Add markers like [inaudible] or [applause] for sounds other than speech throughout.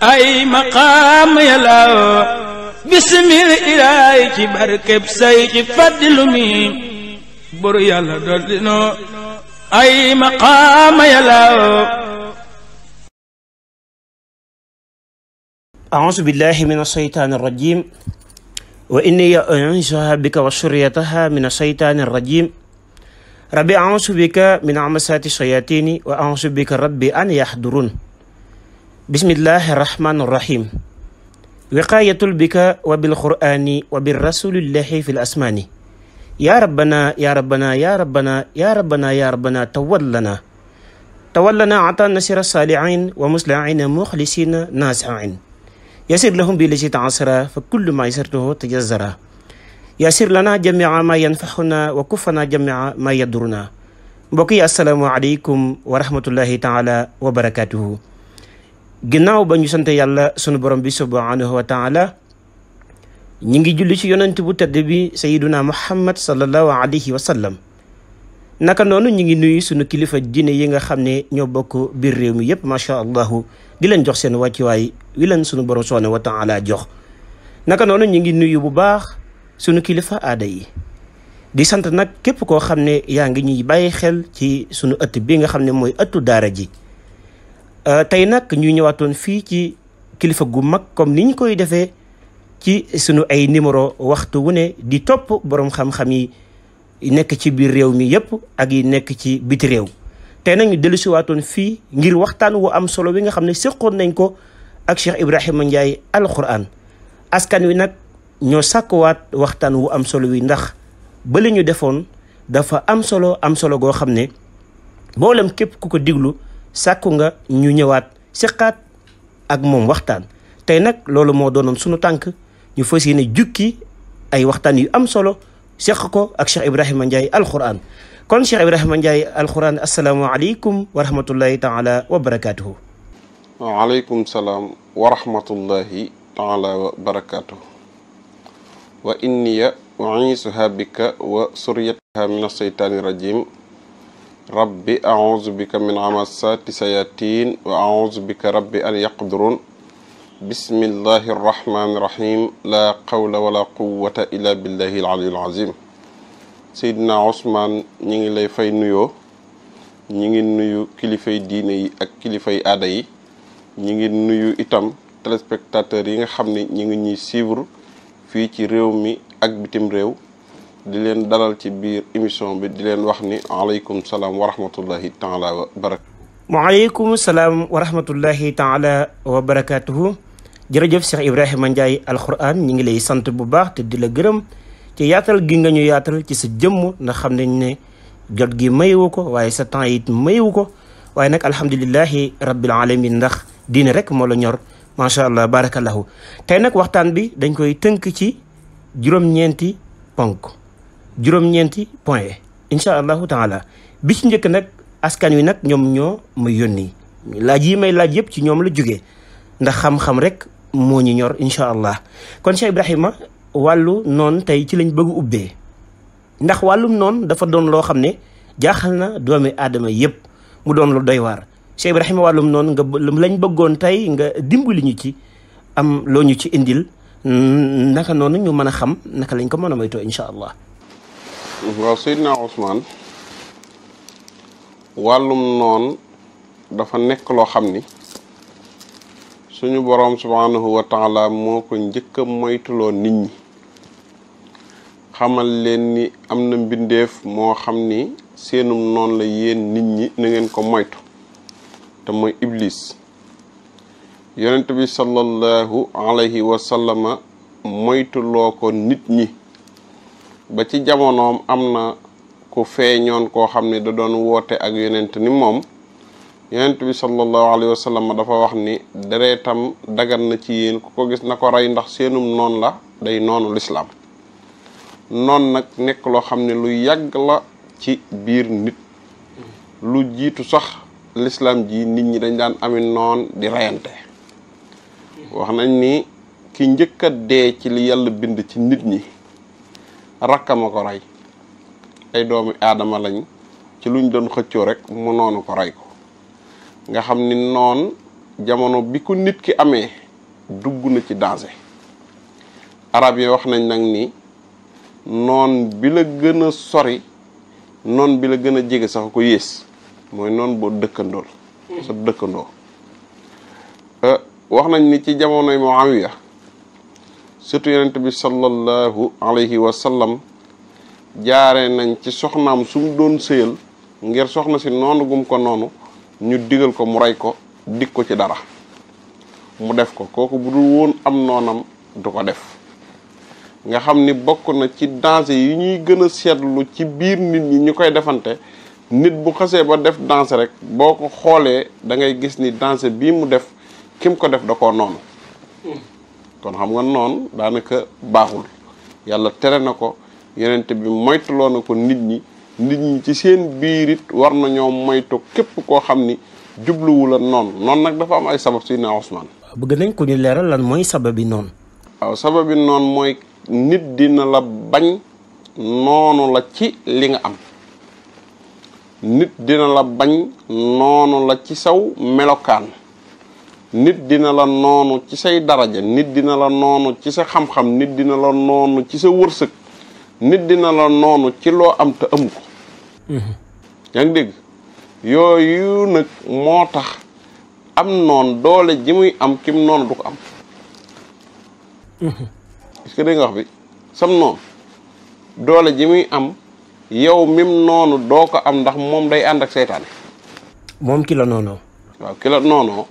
ay maqaam yàllaaw bisimil ilaay ci barkeb say ci fàddilu mi buru yàlla dool dino ay maqaam yàllaaw أعوذ بالله من الشيطان الرجيم وإني أنشها بك وشريتها من الشيطان الرجيم ربي أعوذ بك من عمسات الشياطين وأعوذ بك ربي أن يحضرون bismillahi irrahmani irrahim wiqayatul bika wa bilqur'ani wa birasulillahi fi l asmaani ya rabbana ya rabbana ya rabbana ya rabbana ya rabbana tawallana tawallana ata nasira saalihin wa muslihin muxlisina naasihin yasir lahum bi lisi taasara fa kullu ma yasartuhu tajazara yasir lana jamia ma yanfaxuna wa kufana jamia ma yaduruna mbokk yi assalaamu aleykum wa rahmatullahi taala wa barakatuhu ginnaaw ba ñu sant yàlla sunu borom bi subhanahu wa taala ñi ngi julli ci yonent bu tedd bi sayiduna muhammad sallallahu alayhi wa sallam naka noonu ñi ngi nuyu sunu kilifa diine yi nga xam ne ñoo bokk biir réew mi yëpp macha allahu di leen jox seen wàccuwaay wi leen sunu borom subhanahu wa taala jox naka noonu ñi ngi nuyu bu baax sunu kilifa aada yi di sant nag képp koo xam ne yaa ngi ñuy bàyyi xel ci sunu ëtt bi nga xam ne mooy ëttu daara ji Euh, tey nag ñu ñëwaatoon fii ci kilifa gu mag comme ni ñu koy defee ci sunu ay numéro waxtu wu ne di topp boroom xam-xam yi nekk ci biir réew mi yëpp ak yi nekk ci biti réew tey nag ñu dellusiwaatoon fii ngir waxtaan wu am solo wi nga xam ne séqoon nañ ko ak Cheikh Ibrahima Ndiaye Al Quran askan wi nag ñoo sàkkuwaat waxtaan wu am solo wi ndax ba li ñu defoon dafa am solo am solo goo xam ne mboolem képp ku ko diglu sàkku nga ñu ñëwaat seqaat ak moom waxtaan tey nag loolu moo doonoon sunu tànk ñu fas yéene jukki ay waxtaan yu am solo seq ko ak Cheikh Ibrahima Ndiaye alquran kon Cheikh Ibrahima Ndiaye alquran asalaamaaleykum wa rahmatullahi taala wa barakaatuhu. waaleykum wa rahmatullahi taala wa barakaatuhu. wa rabbi auzu bika min hamasati sayatin wa auzu bika rabbi an yaqdurun bismillahi arrahmani irrahim la qawla wala quwata illa billahi aliyul azim seydina Ousmane ñi ngi lay fay nuyoo ñi ngi nuyu kilifay diine yi ak kilifay aada yi ñi ngi nuyu itam téléspectateurs yi nga xam ni ñi ngi ñuy suivre fii ci réew mi ak bitim réew di leen dalal ci biir émission bi di leen wax ni aleykum salaam wa rahmatullahi taala wa barakatuhu waaleykum salaam wa rahmatullahi taala wa barakatuhu jërëjëf Cheikh Ibrahima Ndiaye alquran ñi ngi lay sant bu baax te di la gërëm ci yaatal gi nga ñu yaatal ci sa jëmm ndax xam nañ ne jot gi mayewu ko waaye sa temps it mayewu ko waaye nag alhamdulilahi rabbil alamin ndax diine rek moo la ñor macha allah barakallahu tey nag waxtaan bi dañ koy tënk ci juróom-ñeenti ponk juróom-ñeenti point e. incha allahu taala bi ci njëkk nag askan wi nag ñoom ñoo ma yónni laaj yi may laaj yëpp ci ñoom la jóge ndax xam-xam rek moo ñu ñor incha allah kon Cheikh Ibrahima wàllu noonu tey ci lañ bëgg ubbee ndax wàllum noonu dafa doon loo xam ne jaaxal na doomi aadama yëpp mu doon lu doy waar Cheikh Ibrahima wàllum noonu nga lañ bëggoon tey nga dimbali ñu ci am loo ñu ci indil naka noonu ñu mën a xam naka lañ ko mën a moytoo incha allah. waaw Seydina Ousmane wàllum noon dafa nekk loo xam ni suñu boroom subhaanahu wa taala moo ko njëkk moytuloo nit ñi xamal leen ni am na mbindeef moo xam ni seenum noon la yéen nit ñi na ko moytu te mooy iblis yonent bi sallallahu alayhi wa moytuloo ko nit ñi ba ci jamonoom am na ku feeñoon koo xam ne da doon woote ak yonent ni moom yonent bi sallallahu alayhi wa dafa wax ni deretam dagan na ci yéen ku ko gis na ko rey ndax seenum noon la day noonu lislaam noon nag nekk loo xam ne lu yàgg la ci biir nit lu jiitu sax lislaam ji nit ñi dañ daan ami noon di reyante wax nañ ni ki njëkka a dee ci li yàlla bind ci nit ñi rakkam a ko rey ay doomi aadama lañ ci luñ doon xëccoo rek mu noonu ko rey ko nga xam ni noon jamono bi ko nit ki amee dugg na ci danger arab yi wax nañ nag ni noon bi la gën a sori noon bi la gën a jege sax ko yées mooy noon boo dëkkandool sa dëkkandoo euh, wax nañ ni ci jamonoy Muawiya surtout yonent bi sallallahu alayhi wa sallam jaare nañ ci soxnaam sum doon sëyal ngir soxna si noonu gum ko noonu ñu digal ko mu rey ko dig ko ci dara mu def ko kooku bu dul woon am noonam du ko def nga xam ni bokk na ci danger yi ñuy gën a seetlu ci biir nit ñi ñu koy defante nit bu xasee ba def danger rek boo ko xoolee dangay gis ni danger bii mu def kim ko def da koo noonu hmm. kon xam nga noonu daanaka baaxul yàlla tere na ko yenent bi moytuloo ko nit ñi nit ñi ci seen biir it war na ñoo moytu képp koo xam ni jubluwu la noon noonu nag dafa am ay sabab si na Ousmane. bëgg nañ ko ñu leeral lan mooy sababi noonu. waaw sababi noonu mooy nit dina la bañ noonu la ci li nga am nit dina la bañ noonu la ci saw melokaan. nit dina la noonu ci say daraja nit dina la noonu ci sa xam-xam nit dina la noonu ci sa wërsëg nit dina la noonu ci loo am te amu ko mhm. yaa ngi dégg yooyu nag moo tax am noon doole ji muy am kim noonu du mhm. bi sam noonu doole ji muy am yow mim noonu doo ko am ndax moom day ànd ak seytaane moom ki la noonoo waaw ki la noonoo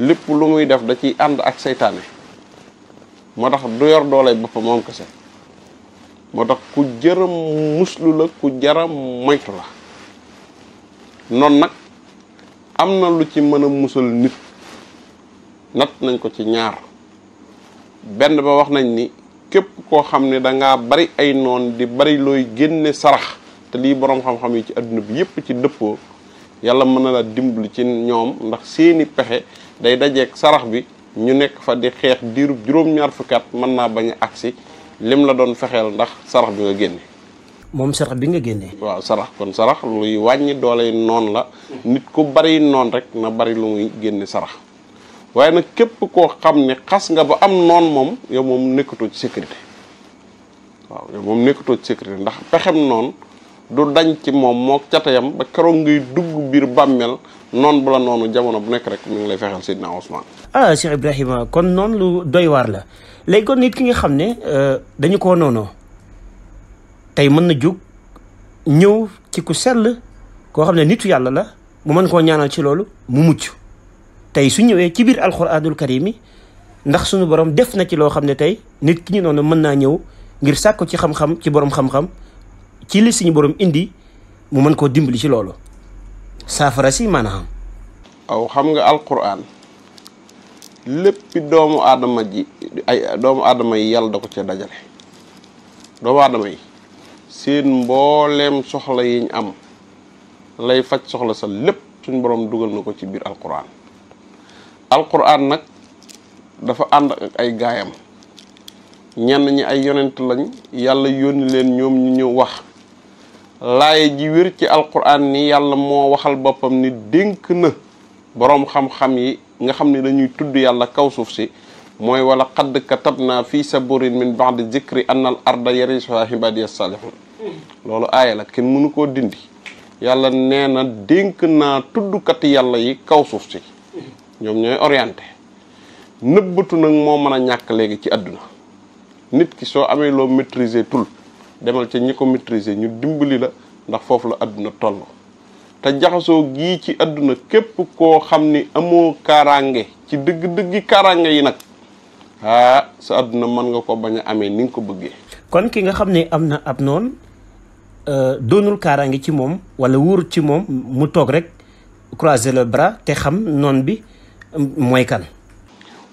lépp lu muy def da ciy ànd ak seytaane moo tax du yor doolay boppam moom kese moo tax ku jëram muslu la ku jaram moytu la noonu nag am na lu ci mën a musal nit natt nañ ko ci ñaar benn ba wax nañ ni képp koo xam ne danga bari ay noon di bari looy génne sarax te lii boroom xam-xam yi ci àdduna bi yépp ci dëppoo yàlla mën na la dimbali ci ñoom ndax seeni pexe day dajeeg sarax bi ñu nekk fa di xeex diirub juróom-ñaar fukki mën naa bañ agsi lim la doon fexeel ndax sarax bi nga génne. moom sarax bi nga génne. waaw sarax kon sarax luy wàññi doole noon la. nit ku bari noon rek na bari lu muy génne sarax. waaye nag képp koo xam ne xas nga ba am noon moom yow moom nekkatoo ci sécurité waaw yow moom nekkatoo ci sécurité ndax pexem noonu. du dañ ci moom moo catayam ba keroog ngay dugg biir bàmmeel noon bu la noonu jamono bu nekk rek mi ngi lay fexeel Seydina Ousmane. ah Cheikh Ibrahima kon noonu lu doy waar la léegi kon nit ki nga xam ne euh, dañu ko noonoo tey mën na jug ñëw ci ku sell koo xam ne nitu yàlla la mu mën koo ñaanal ci loolu mu mucc tey su ñëwee ci biir alxuraanul karim yi ndax suñu borom def na ci loo xam ne tey nit ki ñu noonu mën naa ñëw ngir sàkk ci xam-xam ci boroom xam-xam. ci li suñu borom indi mu mën koo dimbali ci loolu safara si maanaam. aw xam nga alquran léppi doomu aadama ji ay doomu aadama yi yàlla da ko cee dajale doomu aadama yi seen mbooleem soxla yi am lay faj soxla sa lépp suñ borom dugal na ko ci biir alquran alquran nag dafa ànd ak ay gaayam ñenn ñi ay yonent lañ yàlla yónni leen ñoom ñu ñëw wax laay ji wér ci alquran ni yàlla moo waxal boppam ni dénk na boroom xam-xam yi nga xam ne dañuy tudd yàlla kaw suuf si mooy wala xadd katabna fii saburin min ba'di zikri anna al arda yarisuha ibadiya salihun loolu aaya la kenn mënu koo dindi yàlla nee na dénk naa tuddkati yàlla yi kaw suuf si ñoom ñooy orienté nëbbatu nag moo mën a ñàkk léegi ci àdduna nit ki soo amee loo maîtriser tul demal ca ñi ko maîtriser ñu dimbali la ndax foofu la àdduna toll te jaxasoo gii ci àdduna képp koo xam ni amoo kaaraange ci dëgg-dëggi kaaraange yi nag ah sa àdduna mën nga ko bañ amee ni nga ko bëggee. kon ki nga xam ne am na ab noonu euh, doonul kaaraange ci moom wala wóor ci moom mu toog rek croiser le bras te xam noon bi mooy kan.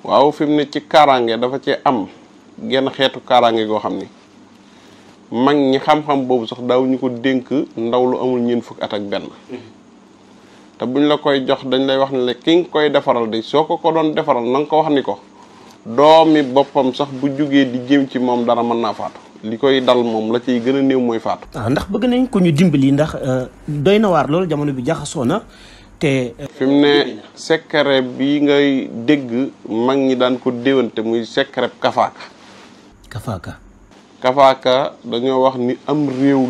waaw fi mu ne ci kaaraange dafa cee am genn xeetu kaaraange goo xam ni. mag ñi xam-xam boobu sax daaw ñu ko dénk ndaw lu amul ñeent fukk at ak benn mm-hmm. te buñ la koy jox dañ lay wax ni la ki nga koy defaral de soo ko ko doon defaral na nga ko wax ni ko doomi boppam sax bu jugee di jéem ci moom dara mën naa faatu li koy dal moom la ciy gën a néew mooy faatu ah, ndax bëgg nañ ko ñu dimbali ndax euh, doy na waar loolu jamono bi jaxasoo na te euh, fi ne secret bi ngay dégg mag ñi daan ko déwante muy secret kafaaka kafaaka kafaaka dañoo wax ni am réew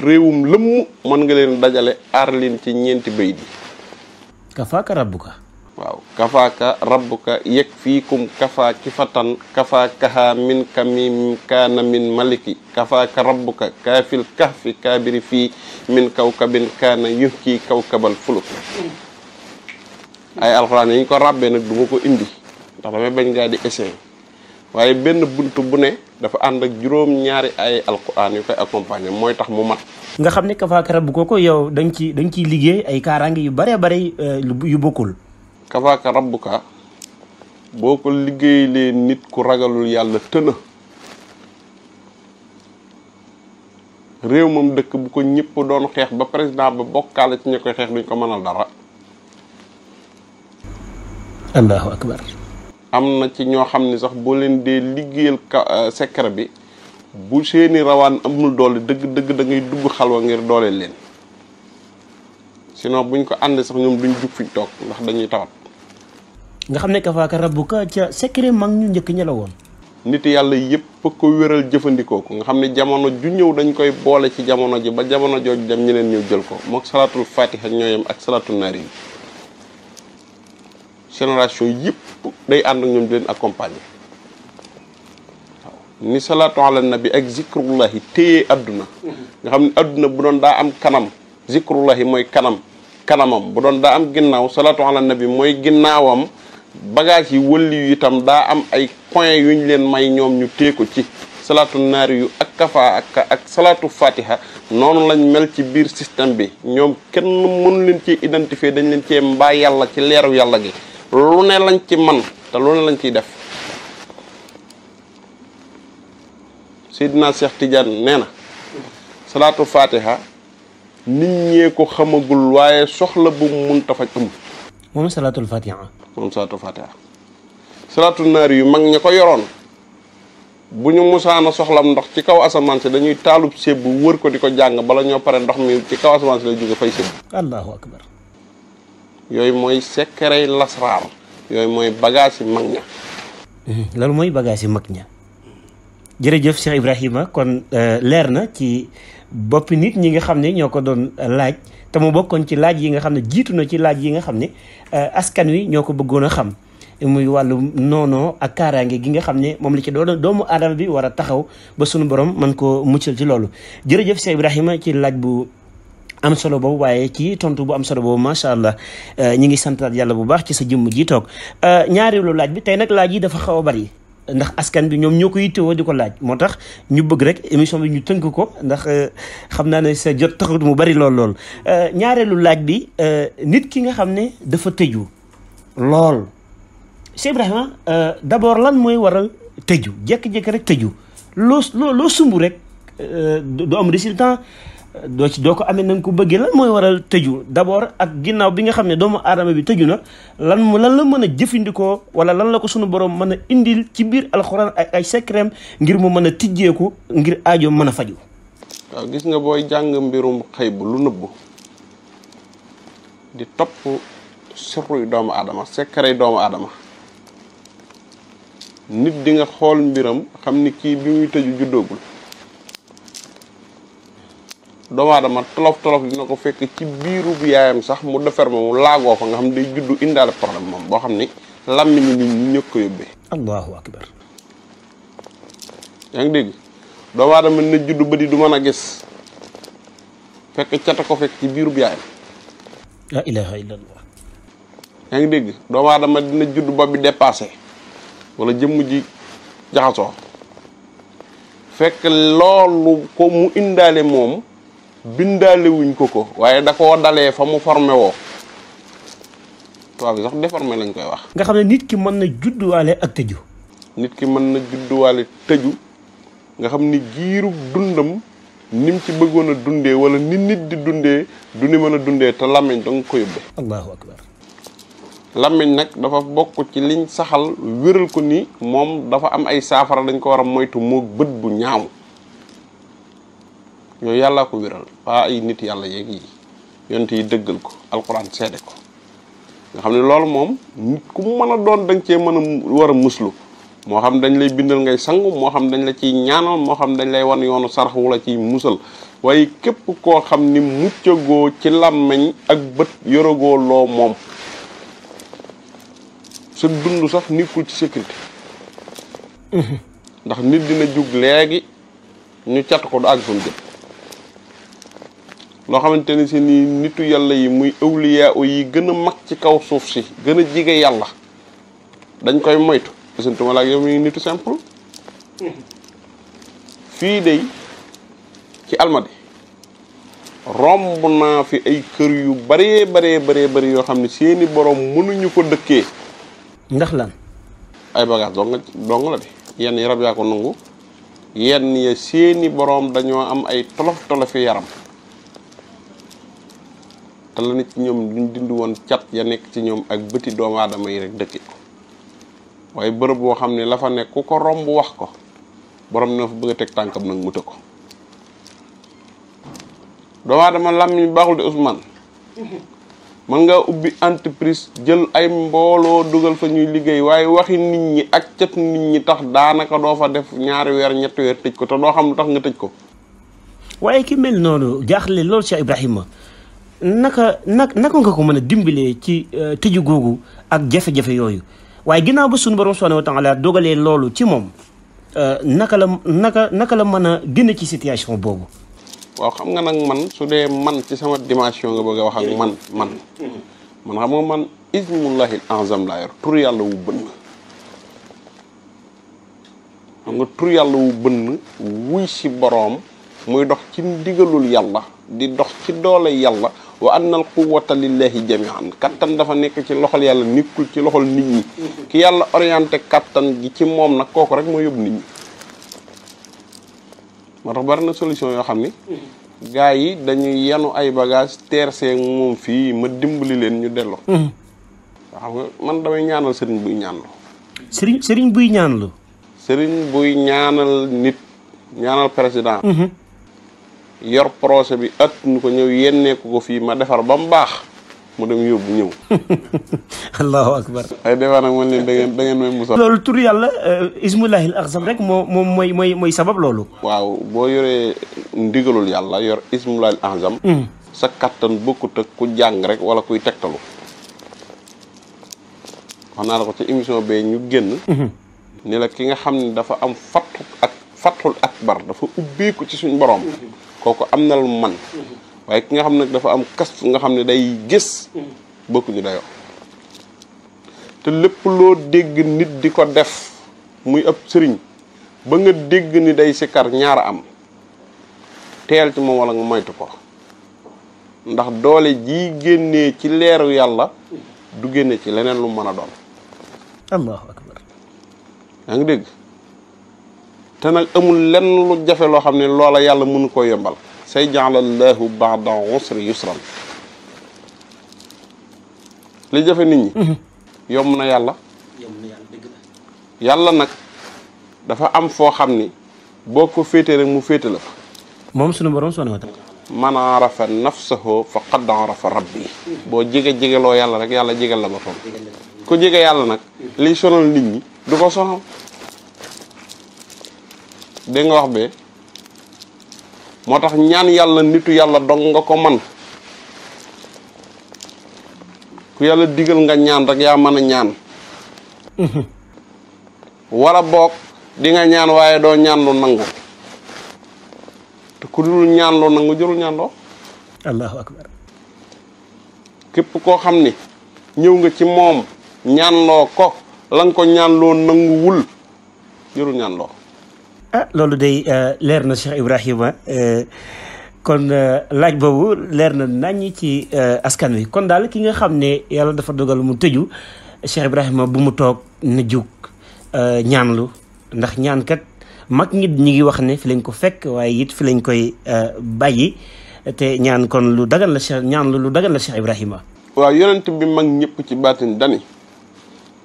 réewum lëmm mën nga leen dajale aar ci ñeenti bay di kafaaka rabbuka waaw kafaaka rabbuka fi fiikum kafaa kifatan kafaa kahaa min kamim kaana min maliki kafaaka rabbuka kaafil kahfi kaabiri fii min kawkabin kaana yuhki kawkabal fuluk ay alxuraan yi ñu ko ràbbee nag du ko indi ndax damay bañ gaa di essayé waaye benn bunt bu ne dafa ànd ak juróom-ñaari ay alquran yu koy accompagner mooy tax mu mat. nga xam ne kafaakara bu ko yow da dañ ci da nga liggéey ay kaaraange yu bëree bëri euh, yu bokkul. kafaaka rabbuka boo ko liggéey lee nit ku ragalul yàlla tëna réew moom dëkk bu ko ñëpp doon xeex ba président ba bokkaale ci ña koy xeex duñ ko mënal dara allahu akbar am na ci ñoo xam ne sax boo leen dee liggéeyal ka euh, secret bi bu seeni rawaan amul doole dëgg dëgg da ngay dugg xalwa ngir doole leen sinon buñ ko ànd sax ñoom duñ jug fi toog ndax dañuy tawat. nga xam ne kafaaka rabbuka ca secret mag ñu njëkk ña woon. nit yàlla yëpp ko wéral jëfandikoo ko nga xam ne jamono ju ñëw dañ koy boole ci jamono ji ba jamono jooj dem ñeneen ñëw jël ko mook salaatul ñoo ñooyam ak salaatul naari génération yëpp day ànd ak ñoom leen accompagner waaw ni salaatu ala nabi ak zikrullahi téye adduna nga xam ne adduna bu doon daa am kanam zikrullahi mooy kanam kanamam bu doon daa am ginnaaw salaatu ala nabi mooy ginnaawam bagage yi wëlli yu itam daa am ay point yu leen may ñoom ñu téye ci salaatu naari yu ak kafa ak salaatu fatiha noonu lañ mel ci biir système bi ñoom kenn mënu leen ci identifier dañ leen cee mbaa yàlla ci leeru yàlla gi lu ne lañ ci man te lu ne lañ ciy def Seydina Cheikh Tidiane nee na salaatu fatiha nit ñee ko xamagul waaye soxla bu mun munta faj amul moom salaatul fatiha moom salaatul salaatu naar yu mag ña ko yoroon bu ñu musaana soxlam ndox ci kaw asamaan si dañuy taalub sébb wër ko di ko jàng bala ñoo pare ndox mi ci kaw asamaan si lay jóge fay sébb yooyu mooy secret lasraar yooyu mooy bagage yi mag ña [laughs] loolu mooy bagage yi mag ña jërëjëf Cheikh Ibrahima kon euh, leer na ci boppi nit ñi nga xam ne ñoo ko doon euh, laaj te mu bokkoon ci laaj yi nga xam ne jiitu na ci laaj yi nga xam ne euh, askan wi ñoo ko bëggoon a xam muy wàllu noonoo ak kaaraange gi nga xam ne moom la ci doon doomu aadama bi war a taxaw ba sunu borom man koo muccal ci loolu jërëjëf Cheikh Ibrahima ci laaj bu am solo boobu waaye ci tontu bu am solo boobu macha allah euh, ñi ngi santaat yàlla bu baax ci sa jëmm ji toog euh, ñaareelu laaj bi tey nag laaj yi dafa xaw a bari ndax askan bi ñoom ñoo ko yittewoo di ko laaj moo tax ñu bëgg rek émission bi ñu tënk ko ndax euh, xam naa ne sa jot taxut mu bari lool lool. ñaareelu laaj bi nit ki nga xam ne dafa tëju lool Cheikh Ibrahima d'abord lan mooy waral tëju jékki-jékki rek tëju loo loo rek du am résultat. doo ci doo ko amee na ko bëggee lan mooy waral tëju d'abord ak ginnaaw bi nga xam ne doomu aadama bi tëju na lan la mën a jëfandikoo wala lan la ko sunu boroom mën a indil ci biir alxuraan ak ay secret ngir mu mën a tijjeeku ngir aajo mën a faju waaw gis nga booy jàng mbirum xëy bu lu nëbbu di topp sirruy doomu aadama secret doomu aadama nit di nga xool mbiram xam ni kii bi muy tëju juddoogul doomu aadama tolof tolof dina ko fekk ci biiru bu yaayam sax mu defar ma mu laagoo fa nga xam day juddu indaale problème moom boo xam ni làmmiñu nit ñi ñëkk ko yóbbee. allahu akbar. yaa ngi dégg doomu aadama na juddu bët du mën a gis fekk cata ko ci biiru yaa ngi dégg doomu aadama dina juddu bopp bi dépassé walla jëmm ji jaxasoo fekk loolu ko mu indaale moom. bindaale ko ko waaye da koo dalee fa mu formé woo tubaab bi sax déformé lañ koy wax. nga xam ne nit ki mën na judduwaale ak tëju. nit ki mën na judduwaale tëju nga xam ni giiru dundam nim ci bëggoon a dundee wala ni nit di dundee du ni mën a dundee te làmmiñ da nga ko yóbbe. làmmiñ nag dafa bokk ci liñ saxal wéral ko ni moom dafa am ay saafara dañ ko war a moytu moog bët bu ñaaw. yooyu yàllaa ko wiral waa ay nit yàlla yeeg yi yonent yi dëggal ko alxuraan seede ko nga xam ne loolu moom nit ku mën a doon danga cee mën a war a muslu moo xam dañ lay bindal ngay sangu moo xam dañ la ciy ñaanal moo xam dañ lay wan yoonu sarax wu la ciy musal waaye képp koo xam ni muccagoo ci làmmeñ ak bët yorogoo loo moom sa dund sax nekkul ci sécurité mhm. ndax nit dina jug léegi ñu cat ko du àgg fa loo xamante ni si ni nitu yàlla yi muy awliya yi gën a mag ci kaw suuf si gën a jige yàlla dañ koy moytu gisantuma laak yow mi nitu simple fii day ci almadi romb naa fi ay kër yu baree baree baree bëri yoo xam ne seeni borom mënuñu ko dëkkee ndax lan ay bagage dong dong la de yenn yi rab yaa ko nangu yenn ya seeni borom dañoo am ay tolof tolofi yaram te la ne ci ñoom duñ dindi woon cat ya nekk ci ñoom ak bëti doomu aadama yi rek dëkke ko waaye bërëb boo xam ne la fa nekk ku ko romb wax ko borom na fa bëgg a teg tànkam nag mu të ko doomu aadama làmmiñ baaxul de Ousmane mën nga ubbi entreprise jël ay mbooloo dugal fa ñuy liggéey waaye waxi nit ñi ak cat nit ñi tax daanaka doo fa def ñaari weer ñetti weer tëj ko te doo xam lu nga tëj ko waaye ki mel noonu jaaxle loolu Cheikh Ibrahima naka naka naka nga ko mën a dimbalee ci euh, tëju googu ak jafe-jafe yooyu waaye ginnaaw ba suñu borom subhanahu wa taala dogalee loolu ci moom euh, naka la naka naka la mën a génn ci situation boobu. waaw xam nga nag man su dee man ci sama dimension nga bëgg a wax ak man man man xam nga man ismullahil azam laa yàlla wu bënn xam nga tur yàlla wu bënn wuy si boroom muy dox ci ndigalul yàlla di dox ci doole yàlla wa anna al quwwata lillahi jamian kattan dafa nekk ci loxol yàlla nekkul ci loxol nit ñi mm-hmm. ki yàlla oriente kattan gi ci moom nag kooku rek moo yóbbu nit ñi moo tax bari na solution yoo xam ni mm-hmm. gaa yi dañuy yenu ay bagage teersee moom fii ma dimbali leen ñu delloo mm-hmm. man damay ñaanal sëriñ buy ñaanlu sëriñ sëriñ buy ñaanlu sëriñ buy ñaanal nit ñaanal président yor projet bi at nu ko ñëw yenneeku ko fii ma defar ba mu baax mu dem yóbbu ñëw. [laughs] allahu akbar. ay defar nag man leen da ngeen may musal. loolu tur yàlla euh, ismullahil axsam rek moo moom mooy mooy mooy sabab loolu. waaw boo yoree ndigalul yàlla yor ismullahil axsam. Hmm. sa kàttan bokkut ak ku jàng rek wala kuy tegtalu. wax naa la ko ci émission bee ñu génn. Hmm. ni la ki nga xam ne dafa am fattu ak fattul akbar dafa ubbeeku ci suñu borom. kooku am na lu man mm-hmm. waaye ki nga xam ne nag dafa am kas nga xam ne day gis mm-hmm. bokkuñu dayoo te lépp loo dégg nit di ko def muy ab sëriñ ba nga dégg ni day sikar ñaar am teel ci moom wala nga moytu ko ndax doole ji génnee ci leeru yàlla mm-hmm. du génne ci leneen lu mën a doon allahu akbar ngi dégg te nag amul lenn lu jafe loo xam ne loola yàlla mënu koo yombal say jaalallahu baada usri yusran li jafe nit ñi mhm. yomb na yàlla yàlla nag dafa am foo xam ni boo ko féetee rek mu féete la fa moom sunu borom subhanahu wa taala man arafa nafsahu faqad arafa rabbi boo jege-jegeloo yàlla rek yàlla jegal la boppam ku jege yàlla nag liy sonal nit ñi du ko sonal dégg nga wax bi moo tax ñaan yàlla nitu yàlla dong nga ko man ku yàlla digal nga ñaan rek yaa mën a ñaan [laughs] wala boog di nga ñaan waaye doo ñaan lu nangu te ku dul ñaan lu nangu jërul ñaan loo allahu akbar képp koo xam ni ñëw nga ci moom ñaanloo ko la nga ko ñaanloo nanguwul jërul ñaanloo ah loolu day euh, leer na Cheikh Ibrahima euh, kon euh, laaj boobu leer na naññ ci askan wi kon daal ki nga xam ne yàlla dafa dogal mu tëju Cheikh Ibrahima bu mu toog na jóg ñaanlu ndax ñaankat mag nit ñi ngi wax ne fi lañ ko fekk waaye it fi lañ koy bàyyi te ñaan kon lu dagan la Cheikh ñaan lu dagan la Cheikh bi mag ñëpp ci baatin dani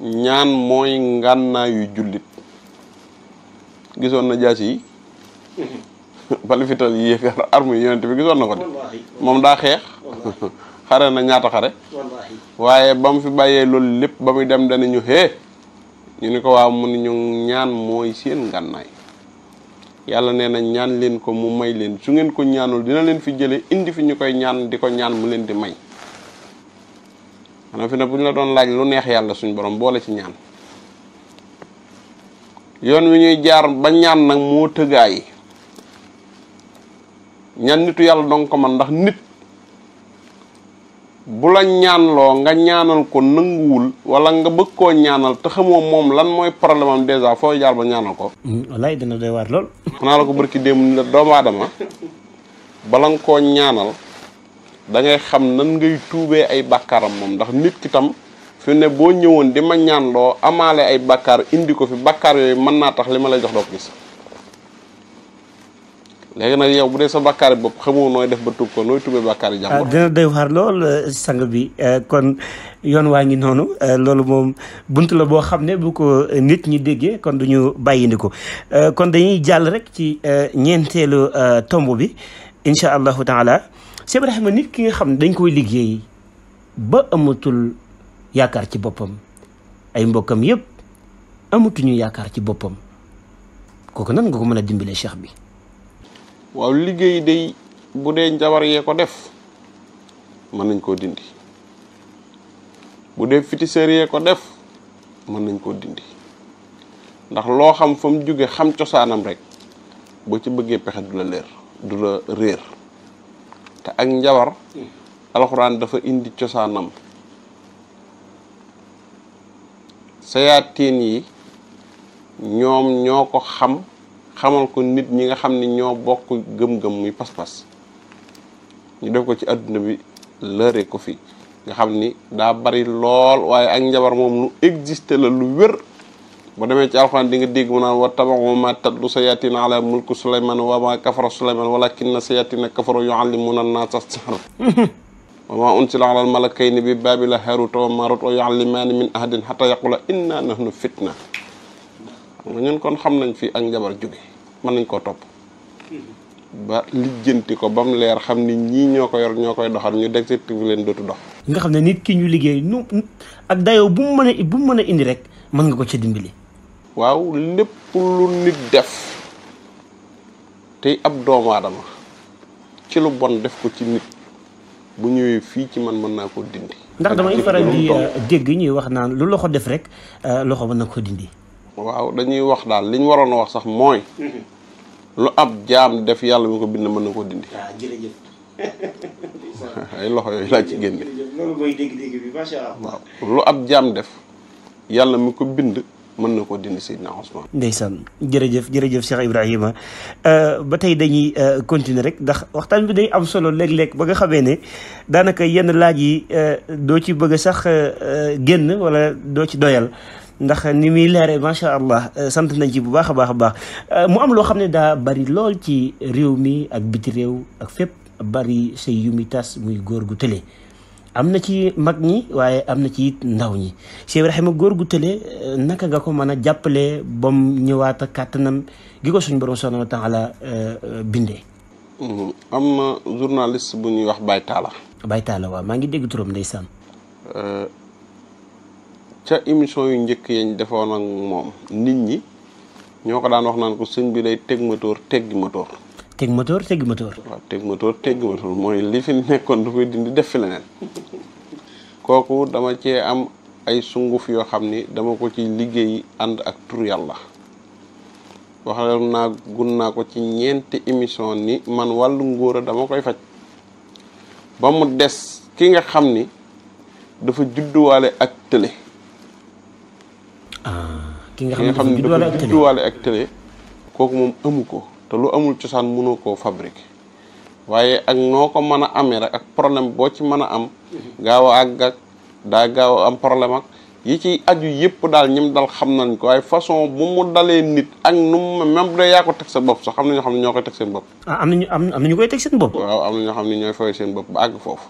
ñaan mooy ngànnaayu jullit. gisoon na jaas yi mhm. bali fital yi yéeg arme yi yonent bi gisoon na ko de moom daa xeex [laughs] xare na ñaata xare waaye ba mu fi bàyyee loolu lépp ba muy dem dana ñu xee ñu ni ko waaw mu ni ñu ñaan mooy seen ngànnaay yàlla nee na ñaan leen ko mu may leen su ngeen ko ñaanul dina leen fi jëlee indi fi ñu koy ñaan di ko ñaan mu leen di may maanaam fi ne bu la doon laaj lu neex yàlla suñu borom boole ci ñaan yoon wi ñuy jaar ba ñaan nag moo tëggaa yi ñaan nitu yàlla dong ko man ndax nit bu la ñaanloo nga ñaanal ko nanguwul wala nga bëgg koo ñaanal te xamoo moom lan mooy problème am dèjà foo jaar ba ñaanal ko. Mm, wallaay dina doy waar lool. xanaa la ko barki démb ni la doomu aadama bala koo ñaanal da xam nan ngay tuubee ay bàkkaaram moom ndax nit ki tam. fi ne boo ñëwoon di ma ñaan loo amaale ay bakkaar indi ko fi bakkaar yooyu mën naa tax li ma lay jox doo gis léegi nag yow bu dee sa bakkaar bopp xamoo nooy def ba ko nooy tubee bakkaar yi lool euh, sang bi euh, kon yoon waa ngi noonu euh, loolu moom bunt la boo xam ne bu ko nit ñi déggee kon duñu bàyyi bàyyindi ko kon dañuy jàll rek ci ñeenteelu tomb bi incha allahu taala Cheikh Ibrahima nit ki nga xam ne dañ koy liggéey ba amatul yaakaar ci boppam ay mbokkam yëpp amatuñu yaakaar ci boppam kooku nan nga ko mën a dimbale cheikh bi waaw liggéey day bu dee njabar yee ko def mën nañ koo dindi bu dee féticheur yee ko def mën nañ koo dindi ndax loo xam fa jóge xam cosaanam rek boo ci bëggee pexe du la leer du la réer te ak njabar hmm. alxuraan dafa indi cosaanam sayaatin yi ñoom ñoo ko xam xamal ko nit ñi nga xam ne ñoo bokk gëm-gëm muy pas-pas ñu def ko ci adduna bi lëre ko fi nga xam ni daa bari lool waaye ak njabar moom lu existé la lu wér ba demee ci alxuraan di nga dégg mu naan wa tabaxu ma tatlu sayaatin ala mulku suleyman wa ma kafara suleyman walakinna sayaatina kafaru yuallimuna annaasa sihr [laughs] wa maa unsila alal malakayni bi baabila haaruuta wa maaruuta wa yuallimaani min ahadin xataa yaqula inna nahnu fitna ñun kon xam nañ fi ak njabar jóge mën nañ koo topp ba lijjanti ko ba mu leer xam ni ñii ñoo ko yor ñoo koy doxal ñu détective leen dootu dox nga xam ne nit ki ñu liggéey nu ak dayoo bu mu mën a indi rek mën nga ko ci dimbali waaw lépp lu nit def tey ab doomu aadama ci lu bon def ko ci nit bu ñëwee fii ci man mën naa koo dindi. ndax damay faral di euh, dégg ñuy wax naan lu loxo def rek euh, loxo mën na ko dindi. waaw dañuy wax daal li waroon a wax sax mooy. lu ab jaam def yàlla mu ko bind mën na koo dindi. waaw ah, jërëjëf. [laughs] loxo yooyu ci génne. loolu lu ab jaam def yàlla mu ko bind. mën na koo dindi Seydina Ousmane. jërëjëf jërëjëf Cheikh Ibrahima euh, ba tey dañuy euh, continuer rek ndax waxtaan bi day am solo léeg-léeg ba nga xamee ne daanaka yenn laaj yi euh, doo ci bëgg sax génn wala doo ci doyal. ndax ni muy leeree macha allah sant nañ ci bu baax a baax a baax mu am loo xam ne daa bari lool ci réew mi ak biti réew ak fépp bari sëy yu muy tas muy góor gu tële. am na ci mag ñi waaye am na ci ndaw ñi Cheikh Ibrahima góor gu tële naka nga ko mën a jàppale ba ñëwaat a kàttanam gi ko suñ borom subhanahu wa taala euh, bindee. Mm-hmm. am na journaliste bu ñuy wax Baye Talla. Baye Talla waaw maa ngi dégg turam ndeysaan. Euh, ca émission yu njëkk yañ defoon ak moom nit ñi ñoo ko daan wax naan ko sëñ bi day teg motoor teggi motoor. teg moteur teggi moteur. teg moteur teggi moteur mooy li fi nekkoon dafay dindi def fi leneen kooku dama cee am ay sunguf yoo xam ni dama ko ci liggéey ànd ak tur yàlla waxal ko ci ñeenti émission ni man wàllu ngóora dama koy faj ba mu des ki nga xam ni dafa judduwaale ak tële. Ah, ki nga xam ne dafa kooku moom amu ko. te lu amul cosaan mënoo koo fabriquer waaye ak noo ko mën a amee rek ak problème boo ci mën a am gaaw a àgg daa gaaw am problème ak yi ci aju yëpp daal ñim dal xam nañ ko waaye façon bu dalee nit ak nu mu même bu yaa ko teg sa bopp sax am na ñoo xam ne ñoo koy teg seen bopp. ah am na ñu am na ñu koy teg seen bopp. waaw xam ne ñooy fooy seen bopp ba àgg foofu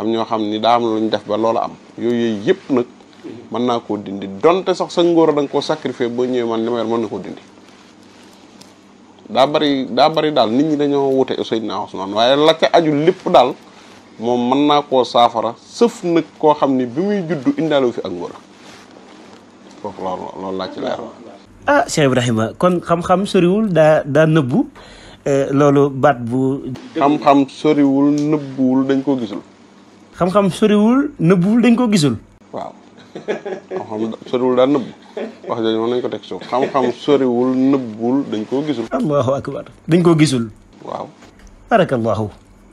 am ñoo xam ni daa am lu ñu def ba loola am yooyu yëpp nag mën naa koo dindi donte sax sa ngóor da ko koo sacrifier ba ñëwee man li ma yor mën na koo dindi. daa bari daa bari daal nit ñi dañoo wute Seydina Ousmane waaye la ca aju lépp daal moom mën naa koo saafara sëf nag koo xam ni bi muy juddu indaale fi ak ngóor foofu loolu loolu laa ci ah Cheikh Ibrahima kon xam-xam soriwul daa daa nëbbu eh, loolu baat bu. xam-xam soriwul nëbbuwul dañ koo gisul. xam soriwul nëbbuwul dañ ko gisul. waaw xam-xam soriwul daal nëbb wax jooju nañ ko teg soo xam-xam soriwul nëbbul dañ koo gisul allahu akbar dañ koo gisul waaw barakallahu